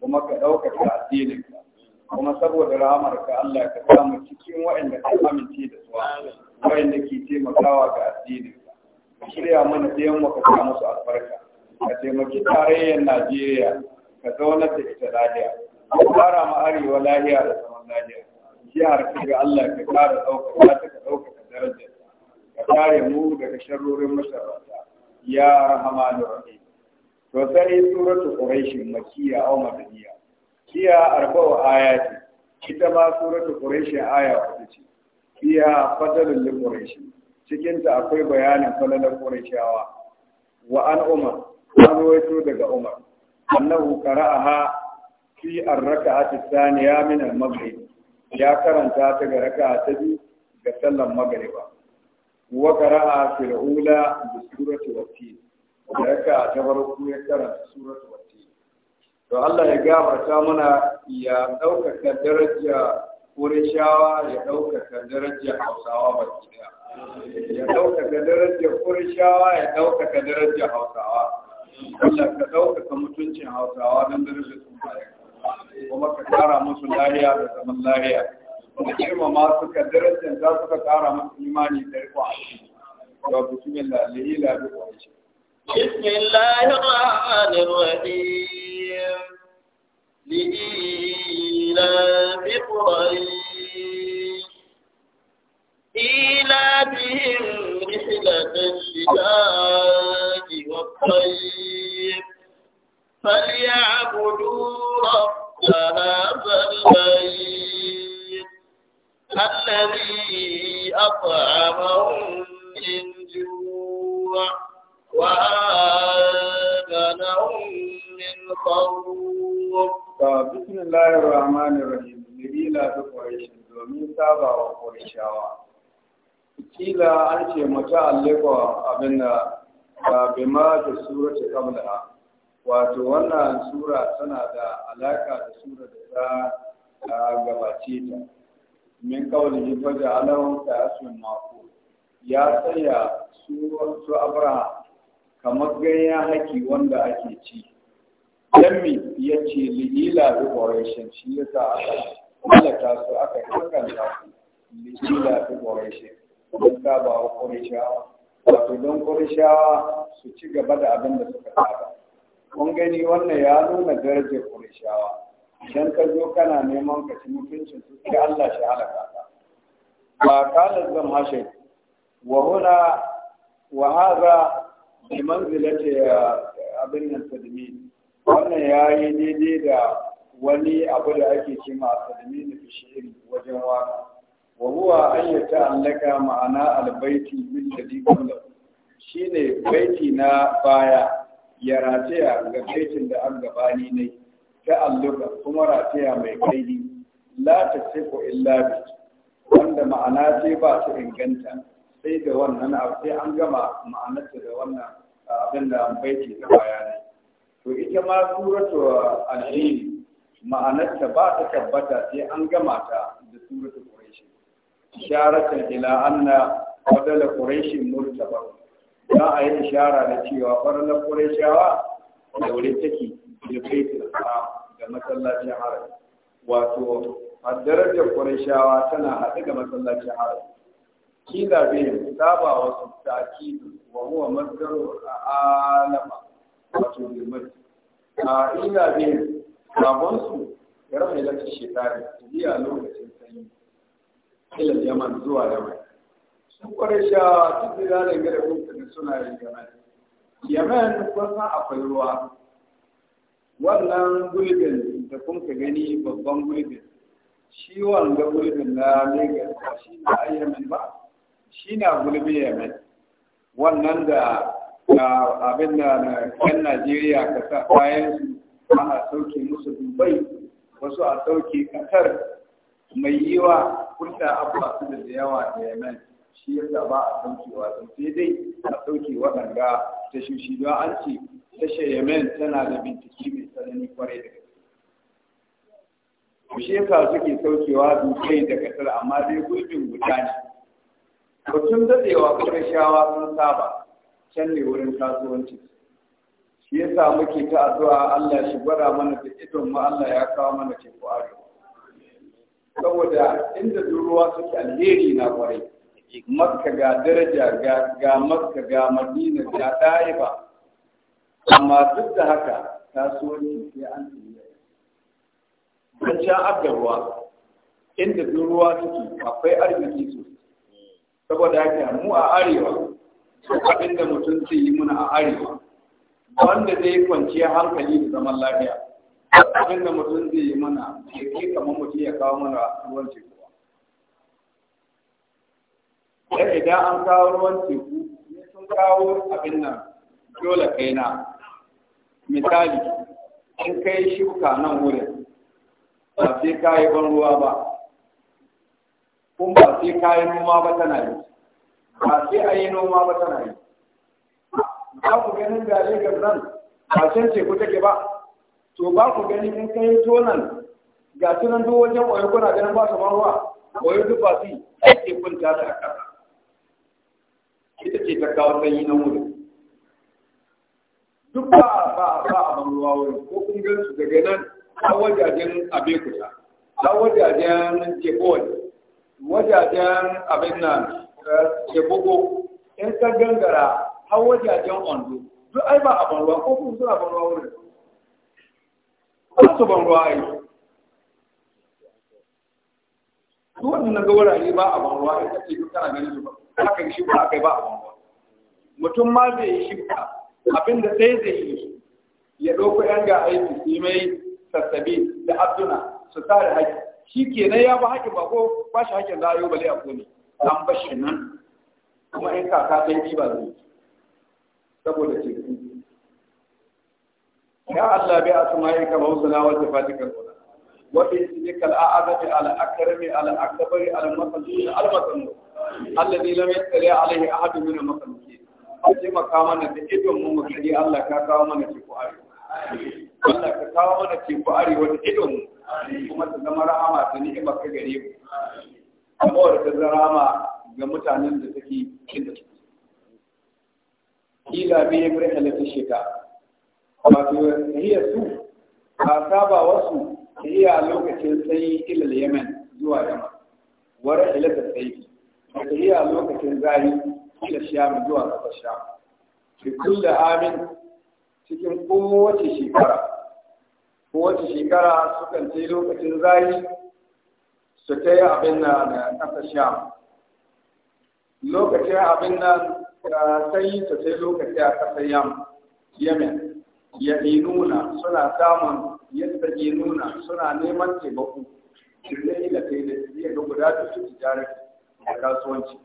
kuma ka ɗaukaka addinin kuma saboda rahamar ka Allah ka samu cikin waɗanda ka amince da su waɗanda ke taimakawa ga addinin ka shirya mana ɗayan mu ka samu su albarka ka taimaki tarayyar Najeriya ka zaunar da ita lahiya ka fara ma arewa lahiya da zaman lahiya jihar ka ga Allah ka kara ɗaukaka ta ka ɗaukaka darajar ka kare mu daga sharrorin masarauta ya rahmanu rahim to sai suratul quraish makkiya aw madaniya kiya arba'u ayati ita ma suratul quraish aya hudu ce kiya fadalul quraish cikin ta akwai bayanin falalar quraishawa wa an umar an rawaito daga umar annahu qara'aha fi ar-rak'ati thaniya min al-maghrib ya karanta ta ga raka'a ta biyu ga sallar wa qara'a fil ula bi surati watin da yaka ta farko ya karanta surati watin to Allah ya gafarta mana ya daukaka daraja Kurishawa ya ɗaukaka darajar Hausawa baki ɗaya. Ya ɗaukaka darajar ya ɗaukaka darajar Hausawa. Allah ka ɗaukaka mutuncin Hausawa don darajar su Kuma ka ƙara musu lahiya da zaman lahiya. da girmama suka darasin za suka ƙara masu imani da riko a ciki ga mutumin lalayi labi a ciki. Bismillahirrahmanirrahim. لإيلاف قريش إيلافهم رحلة الشتاء والصيف فليعبدوا رب هذا البيت الذي أطعمهم من جوع وآمنهم من خوف بسم الله الرحمن الرحيم Nabila ta Quraish domin saba wa Qurayshawa. Kila an ce mata allekwa abin da ba bi wato wannan sura tana da alaka da sura da ta gabace ta. min kawalihi faja alahu ka asmin mako ya tsaya su su abraha kamar ganyen haki wanda ake ci yammi ya ce lihila bi ƙorashin shi ya sa aka halatta su aka kankanta su lihila bi ƙorashin don ba wa ƙorashawa wato don ƙorashawa su ci gaba da abin da suka saba kun gani wannan ya nuna darajar ƙorashawa idan ka zo kana neman ka ci mutunci su Allah shi halaka ka ba kala zan hashe wa huna wa haza bi manzilati abin nan sadimi wannan yayi daidai da wani abu da ake ce ma sadimi da fishiri wajen waka wa huwa an yata'allaka ma'ana albayti min shadiqin shine baiti na baya ya rataya ga baitin da an gabani ne ta alluga kuma rataya mai kaidi la ta sifo illa bi wanda ma'ana ce ba su inganta sai da wannan abu sai an gama ma'anarta da wannan abin da an baiti ta bayani. to ita ma suratu al-ayn ma'anarta ba ta tabbata sai an gama ta da suratu quraish isharata ila anna fadala quraish murtaba za a yi ishara da cewa fadala quraishawa da wuri take da baiti masallacin haram wato addarajar qurayshawa tana haɗe ga masallacin haram kila bai saba wasu ta'kid wa huwa masdaru alama wato bilmat a ina bai sabon su ya rahe lati shekari biya lokacin sanyi ila yaman zuwa yaman sun qurayshawa duk da zalin gare kuma suna yin yaman yaman kun akwai ruwa wannan gulbin da kun ka gani babban gulbin shi wanda gulbin na Lagos ba shi na Yemen ba shi na gulbin Yemen wannan da abin da na kan Najeriya ka sa bayan su ana sauke musu Dubai wasu a sauke kasar mai yiwa kunta abuwa su da yawa da Yemen shi yasa ba a wa sai dai a sauke waɗanda tashoshi don an ce tashar yemen tana da bincike mai tsanani kwarai da gaske kushe suke saukewa dukai da kasar amma dai gurbin guda ne batun dadewa shawa sun saba can ne wurin kasuwanci shi yasa muke ta addu'a Allah shi gwada mana da idon mu Allah ya kawo mana ku arewa saboda inda duruwa suke alheri na kwarai makka ga daraja ga makka ga madina ga ɗaiba amma duk da haka kasuwanci sai an tsaye don can abda ruwa inda duk ruwa suke akwai arziki su saboda haka mu a arewa abin da mutum zai yi muna a arewa wanda zai yi kwanciya hankali da zaman lafiya abin da mutum zai yi mana ya ke kamar mutum ya kawo mana ruwan teku idan an kawo ruwan teku sun kawo abin nan dole kai na. misali in kai shuka nan wurin ba sai ka yi ban ruwa ba kuma ba sai ka yi noma ba tana yi ba sai a yi noma ba tana yi ba ku ganin gare ga nan ba can ku take ba to ba ku gani in kai to tonan ga nan, duk wajen ƙwayo kuna ganin ba su ban ruwa ƙwayo duk ba su yi tekun ta ƙasa ita ce ta kawo sanyi nan wurin duk ba ba ba a ruwa wurin ko kun gan su daga nan a wajajen abekuta a wajajen jebol wajajen abin nan jebogo eh, in ka gangara har wajajen ondo duk ai ba a ruwa ko kun suna ban ruwa wurin ba su ban ruwa ai duk na ga wurare ba a ban ruwa in ka ce duk kana ganin su ba haka shi ba haka ba a ban ruwa mutum ma zai yi shibka abin da sai zai yi ya ɗauko ‘yan ga aiki su mai sassabe da abduna su tare haƙi shi ke na ya ba haƙi ba ko ba shi haƙin za a yi bale a kone an ba shi nan kuma in kaka ta yi ba zai saboda ce ya Allah bai ma yi kama na wata fatikar kuna وباسمك الاعظم على الاكرم على الاكبر على المخلوقين المخلوق الذي لم يطلع عليه احد من المخلوقين a taimaka mana da idon mu mu gani Allah ka kawo mana teku arewa Allah ka kawo mana teku arewa da idon mu kuma ta zama rahama ta ni'ima ka gare mu kuma da ta zama rahama ga mutanen da suke cikin da su kila bi ya bari halatta sheka wato hiyar su a saba wasu iya lokacin sai ilal yaman zuwa yaman wara ilal da sai iya lokacin zahiri ila sham zuwa ƙasar sham fi kulli amin cikin kowace shekara kowace shekara sukan ce lokacin zai su kai abin na na ƙasar sham lokacin abin nan sai su kai lokaci a ƙasar yam yemen ya nuna suna samun yadda ke nuna suna neman taimako da zai yi da kai da ya ga guda da su tijarar da kasuwanci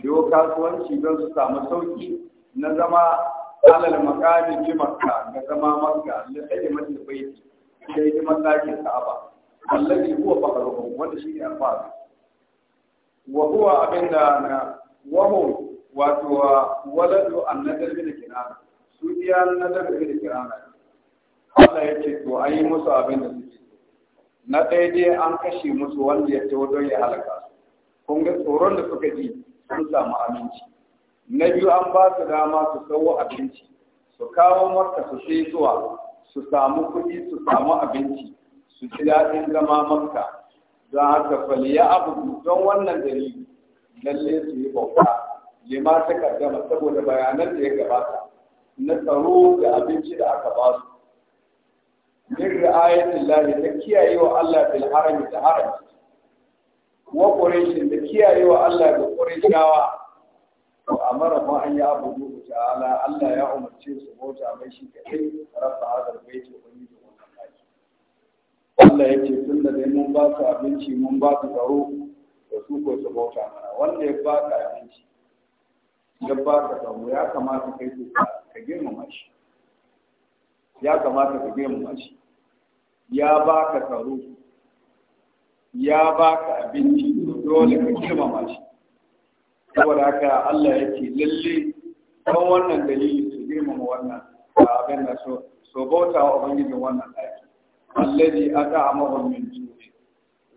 yiwo kasuwanci don su samu sauki na zama alal makamin jimarka ga zama maka da tsaye mata baiti da yake mallakin ka'aba allazi huwa bahruhum wanda shi ne alfaru wa huwa da na wahu wato wa waladu annadar da kinana su iya nadar da kinana Allah ya ce to an yi musu abin da suke na ɗaya dai an kashe musu wanda ya ce wajen ya halaka kun ga tsoron da suka ji sun samu aminci na biyu an ba su dama su kawo abinci su kawo maka su sai zuwa su samu kuɗi su samu abinci su ci daɗin zama maka don haka faliya abu don wannan dalili lalle su yi bauta lima ta kaddama saboda bayanan da ya gabata na tsaro da abinci da aka ba su min ra'ayatin ta kiyaye wa Allah bil harami da harami wa ƙureshin da wa Allah da ƙureshawa to a marafin an yi abu dubu ta'ala Allah ya umarce su bauta mai shi kai rafa bai baiti wani da wannan ɗaki Allah ya ce tun da dai mun ba su abinci mun ba su tsaro da su ko su bauta mana wanda ya ba ka abinci ya ba ka tsaro ya kamata kai su ka girmama shi ya kamata ka girmama shi ya ba ka tsaro ya baka abinci dole ka girmama shi saboda haka Allah ya ce lalle don wannan dalili su girmama wannan abin da so so bauta wa ubangijin wannan ɗaki allazi aka amahum min ju'i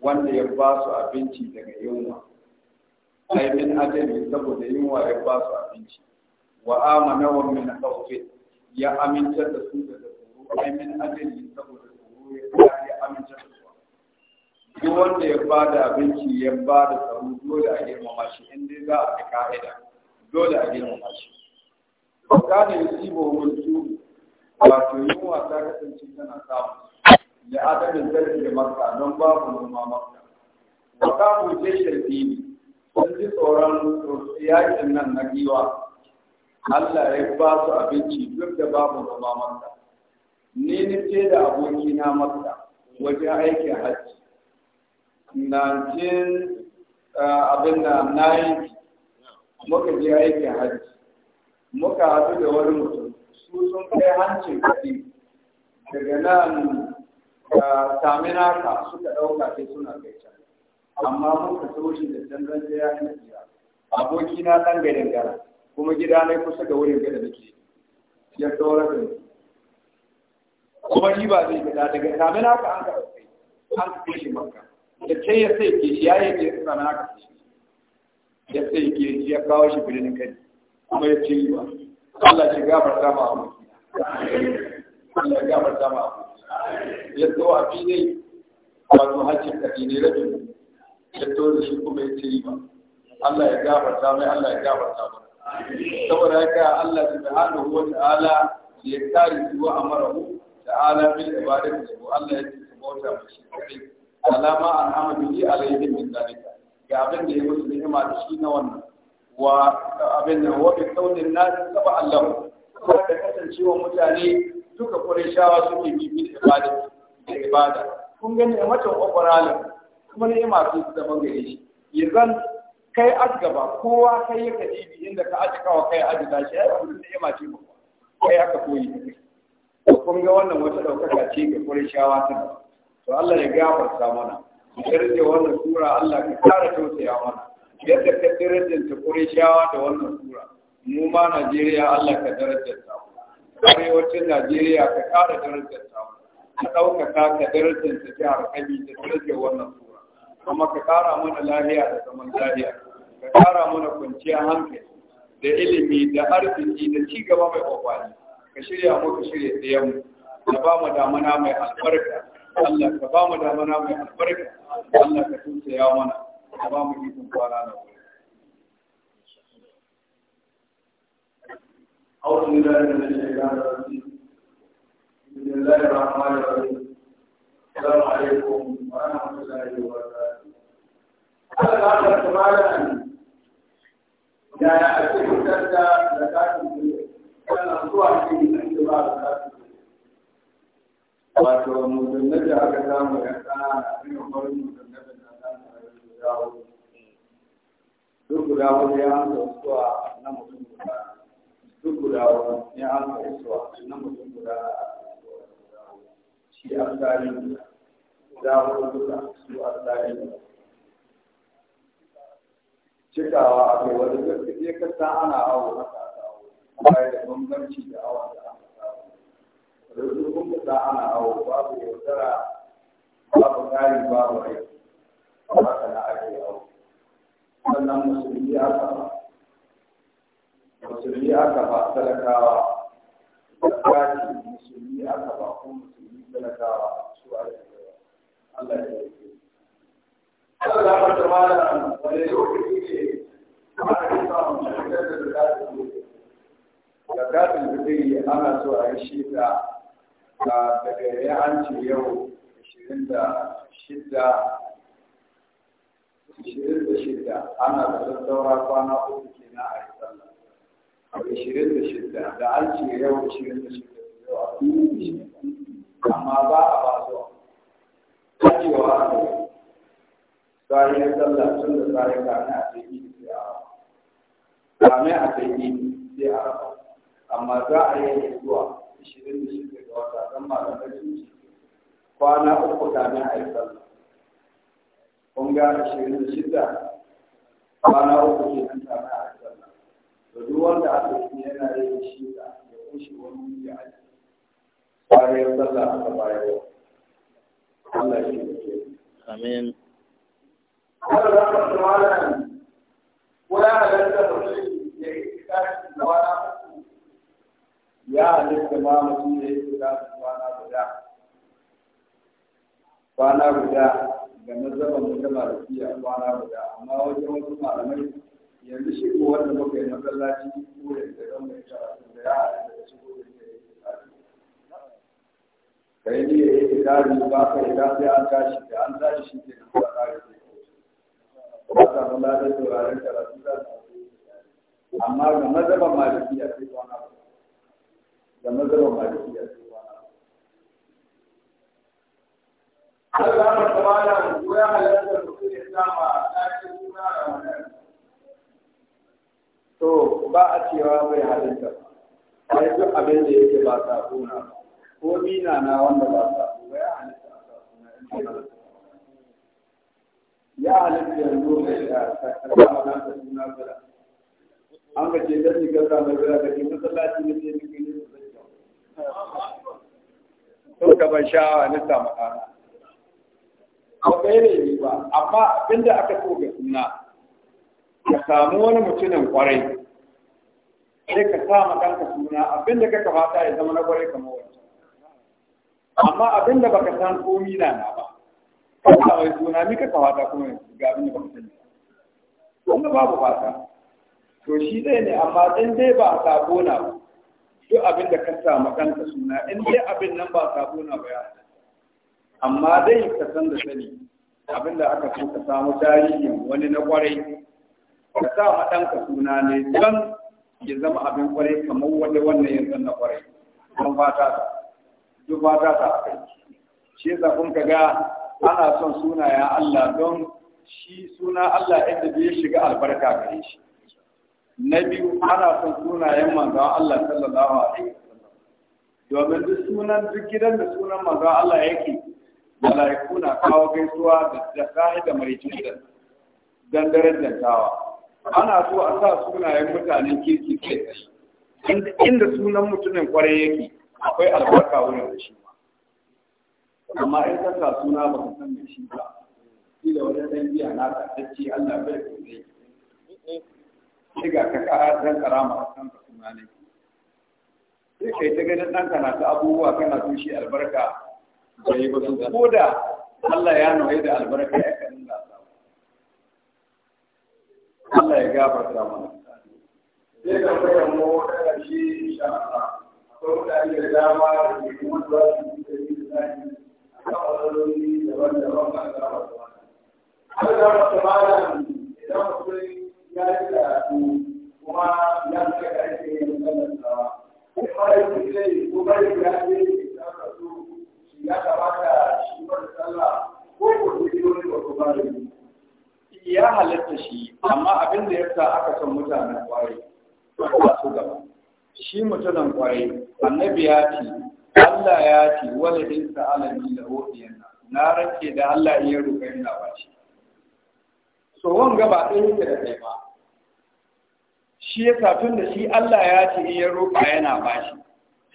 wanda ya ba su abinci daga yunwa ai min adabi saboda yunwa ya ba su abinci wa amana wa min khawfi ya amintar da su daga tsoro ai min adabi saboda tsoro ya amintar da duk wanda ya ba da abinci ya bada da tsaro dole a girmama shi in dai za a fi ka'ida dole a girmama shi kana ba wulju wato wa ta kasance tana samu da adamin da da makka don babu noma makka wa je jeshar ne kun ji tsoron yakin nan na giwa Allah ya ba su abinci duk da babu noma makka ni ni ce da abokina makka wajen aikin hajji 19 uh, abin da 90 muka je aikin hajji muka haɗu da wani mutum su sun kai hancin kaɗi daga nan uh, sami naka suka ɗauka sai suna kai can amma muka toshe da canzan sai ya yi jiya aboki na ɗan garin gara kuma gida na kusa da wurin gada ke, ya ɗora da kuma ni ba zai gada daga sami naka an ka ɗaukai an ka kai da ke ya sai ke shi ya yi ke suna na aka shi ya sai ke shi ya kawo shi birnin kai kuma ya ce yi ba Allah shi gafarta ma abu Allah ya gafarta ma abu ya zo a fili wato hajjin kaɗi ne rabin ya to shi kuma ya ce yi ba Allah ya gafarta mai Allah ya gafarta ba saboda haka Allah subhanahu wa ta'ala ya kare su wa amara ta'ala bil ibadati Allah ya ce bauta mashi kai alama an hama bihi alaihim min zalika ga abin da ya musu ni'ima da shi na wannan wa abin da wa bi na nas saba Allah ko da kasancewa mutane duka Qurayshawa suke bibi bi ibada da ibada kun ga ni'imatin ukurala kuma ma su da bangare shi yanzan kai asgaba kowa kai ya bi inda ka aji kawa kai aji shi ai wannan ni'ima ce ba kai aka koyi kun ga wannan wata daukaka ce ga Qurayshawa ta to Allah ya gafarta mana ya rage wannan sura Allah ka kara tausaya mana yadda ka darajanta shawa da wannan sura mu ma Najeriya Allah ka darajanta mu arewacin Najeriya ka kara ta mu ka ɗaukaka ka darajanta jihar Kebbi da rage wannan sura kuma ka kara mana lafiya da zaman lafiya ka kara mana kwanciyar hankali da ilimi da arziki da ci gaba mai kwakwani ka shirya mu ka shirya tsayen mu da ba mu damana mai albarka Allah ka ba mu damana mai albarka Allah ka tuce ya mana ka ba mu ikon kwana من الشيطان الرجيم بسم الله الرحمن الرحيم السلام عليكم ورحمة الله وبركاته هذا الأمر سؤالا يا أخي تبدأ زكاة wato musulmi da aka samu ya kana a cikin farin musulmi da ta samu ya dawo duk guda wani ya an sausuwa na mutum guda duk guda wani ya an sausuwa na mutum guda shi a tsari guda guda wani duka su a tsarin cikawa a kai wani gaskiya kasa ana awo haka a awo baya da bambanci da awon da yanzu kun kasa ana awo babu yaudara babu kari babu aiki ba ka na ake awo sannan musulmi aka ba musulmi aka ba talakawa zakati musulmi aka ba ko musulmi talakawa su a Allah ya yi Allah ya mata malam wani lokaci ne ana yi samun shirgar da zakatun zakatun fitri ana so a yi shi ta daga ya an ce yau 26 ana da sassaura kwana uku ke na a yi sallah 26 da an ce yau 26 amma ba a ba su kacewa ne bayan sallah tun da tsarin kame a taiki sai a Kami a taiki sai a amma za a yi zuwa ishirin da shida wata don malamai sun kwana uku kamin a yi sallah ashirin da shida kwana uku ke nan kamin a yi sallah duk wanda aka yi yana yin shi da ya kunshi wani wuri a ciki kwayar sallah aka bayarwa Allah shi ne ke. Amin. Allah ya ya halitta ma mutum ya yi tsira kwana guda kwana guda ga nazarin mutum malaki a kwana guda amma wajen wasu malamai yanzu shigo wanda muka yi masallaci ko da ke don mai karatu da ya halitta da shigo da ke yi tsari kai ne ya yi tsari ba ka yi sai an tashi da an tashi shi ke nan ba tsari ne ba samu ladar turaren karatu da amma ga mazaban malaki a sai kwana guda da mazhaban maliki ya ce Allah ya tabbata ko ya halatta mutum ya sama ɗakin suna Ramadan. To ba a cewa bai halitta ba. Ai duk abin da yake ba sa kuna ko mina na wanda ba sa ba ya halitta a sa kuna in ya halitta yanzu mai da karkara na ta suna bira. An ga ce dan ni gaza mai bira da ke masallaci ne ke nufi to ka ban sha'awa na samu ɗana ba kai da yi ba amma da aka so ga suna ka samu wani mutumin kwarai sai ka sa ma ɗanka suna abinda ka kamata ya zama na kwarai kamar wani amma abinda baka san komi na na ba ka sa mai suna ni ka kamata kuma ga abinda baka sani wanda babu fata to shi ɗaya ne amma ɗin dai ba a sabo na ba duk abin da ka sa ma kanka suna in dai abin nan ba sabo na ba ya amma dai ka san da sani abin da aka so ka samu tarihi wani na kwarai ka sa ma ɗanka suna ne don ya zama abin kwarai kamar wanda wannan ya zama kwarai don fata ta duk fata ta a kai shi yasa kun ka ga ana son sunayen Allah don shi suna Allah inda bai shiga albarka gare shi na biyu ana son sunayen manzo Allah sallallahu alaihi wasallam domin duk sunan duk gidan da sunan manzo Allah yake mala'iku na kawo gaisuwa da zakai da mai cikin dan tawa ana so a sa sunayen mutanen kirki kai inda sunan mutumin kwarai yake akwai albarka wurin da shi amma in ka sa suna ba ka san da shi ba shi da wajen dan biya na ta Allah bai kai sai ga ka kara dan karama kan ka suna ne sai kai ta ganin dan kana ta abubuwa kana shi albarka bai ba su koda Allah ya noye da albarka ya kan da Allah ya gafarta mana sai ka fara mu da shi insha Allah ko da ya dama da kuma da su da ni a kawai da wanda ba ka da Allah da gafarta mana idan mutum ya yi kuma ya fi kuma ya shi ya kamata shi sallah ko shi ba da ya shi amma abin da yasa aka son mutanen kwarai ba gaba shi mutumin kwarai annabi ya ce Allah ya ce waladin sa alami da hodiyan na rake da Allah ya roƙa ina ba shi so wanga ba ɗaya yake da kai ba shi ya tun da shi Allah ya ce in ya roƙa yana bashi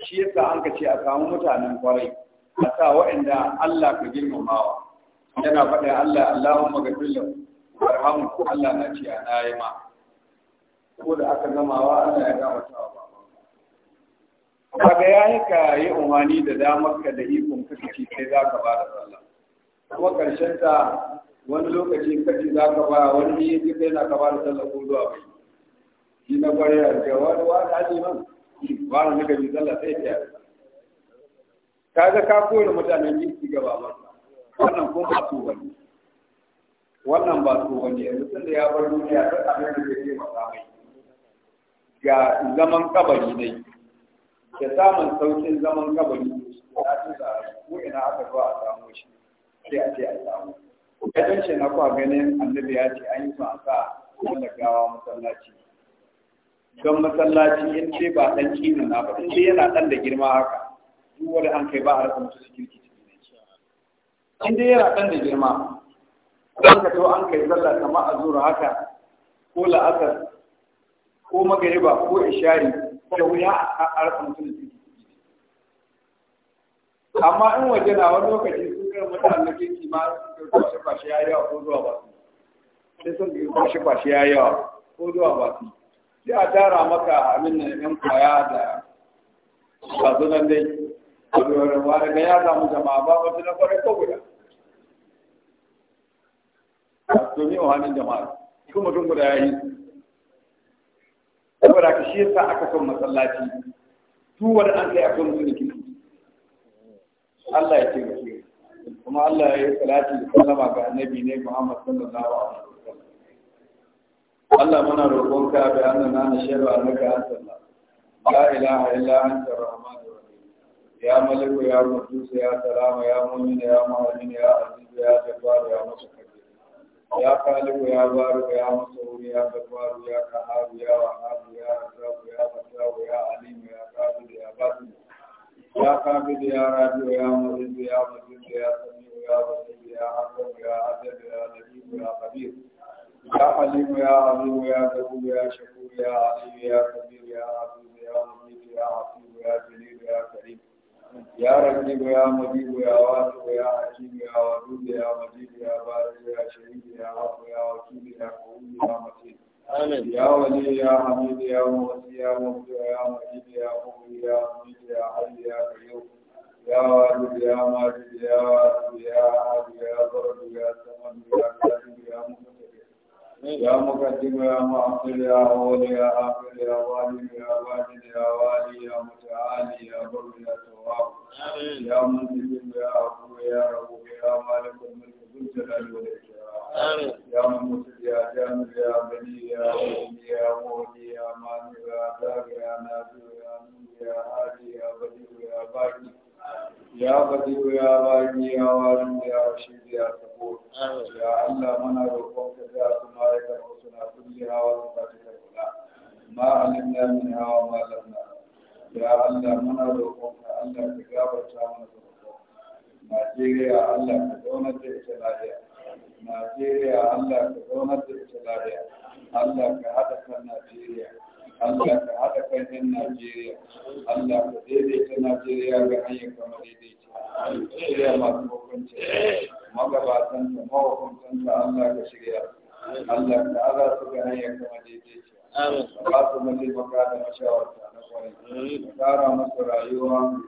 shi yasa an ka ce a samu mutanen kwarai a sa waɗanda Allah ka girmamawa yana faɗa Allah Allahumma ghafir lahu ko Allah na ce a nayi ma ko da aka gamawa Allah ya gafarta wa baba ya yi ka yi umarni da damar ka da ikon kaka ce sai za ka ba da sallah kuma ƙarshen ta wani lokaci kace za ka ba wani yi kai na ka ba da sallah ko zuwa bai shi na ƙwarya da wani wani aji man wani na gabi sallah sai ta kaga ka kore mutanen kirki gaba masa wannan kuma ba su ba ne wannan ba su wani yanzu tun da ya bar duniya duk abin da zai taimaka mai ga zaman kabari ne da samun saukin zaman kabari ne ya ci da ko ina aka zo a samu shi sai a ce a samu ya dace na kwa ganin annabi ya ce an yi a sa wanda gawa masallaci don masallaci in ce ba dan kinin na ba in dai yana dan da girma haka duk wani an kai ba a rasa mutu cikin kicin in dai yana dan da girma an ka to an kai sallah a zura haka ko la'asar ko magariba ko ishari da wuya a rasa mutu cikin amma in waje na wani lokaci sun kai mutane kirki ma sun kwashe kwashe ya yawa ko zuwa ba sai sun kwashe kwashe ya yawa ko zuwa ba su sai a tara maka amin nan yan kwaya da kasu nan dai a ruwa ga ya samu jama'a ba wasu na kwarai ko guda domin wani jama'a su mutum guda ya yi da ka sa aka kan masallaci tu wani an kai akwai mutum da Allah ya ce kuma Allah ya yi salati da sallama ga annabi ne Muhammad sallallahu alaihi wasallam Allah muna roƙonka bi annana nashhadu annaka antallah la ilaha illa anta rahmanur rahim ya maliku ya qudus ya salam ya mu'min ya mu'min ya aziz ya jabbar ya mutakabbir ya khaliq ya barik ya musawwir ya jabbar ya qahhar ya wahhab ya razzaq ya fatah ya alim ya qadir ya basit ya قابل ya رب يا مغيث يا مجيد يا سميع ya basiru ya حكم يا عدل يا نجيب يا Kabiru. يا عليم يا عظيم يا غفور يا شكور يا عليم يا كبير يا عزيز يا مجيد يا عظيم يا جليل يا كريم يا رقيب يا مجيب يا واسع يا حكيم يا ودود يا مجيد يا بارئ يا شهيد يا عفو يا وكيل يا قوي يا متين يا ولي يا حميد يا مغني يا مبدع يا مجيد يا مغني يا مجيد يا حي يا قيوم يا واجد يا ماجد يا واسع يا عاد يا ضرب يا ثمن يا كريم يا مغني يا مقدم يا مؤخر يا اول يا اخر يا والد يا والد يا والي يا متعالي يا بر يا تواب يا منتجم يا ابو يا رؤوف يا مالك الملك ذو الجلال والاكرام يا ممسك يا جامع يا بني يا ولي يا مولي يا مانع يا دار يا نافع يا نور يا هادي يا بديع يا باقي ya badiru ya bani ya warin da ya shi da ya sabo ya Allah muna roƙon ka da su ma'aikar wasu na kulli hawa su ta cikin kula ma alimna min hawa ma lamna ya Allah muna roƙon ka Allah ka gabata mana da Najeriya Allah ka zauna da ita lafiya Najeriya Allah ka zauna da ita lafiya Allah ka haɗa kan Najeriya Allah ka haɗa kan 'yan Najeriya, Allah ka daidaita Najeriya ga hanyar kama daidaita. Shirya masu hukunci, magabatan ta mawakuntan ta Allah ka shirya. Allah ka haɗa su ga hanyar kama daidaita. Ka ba su mataimaka da mashawarta na kwarai. Ka kara rayuwa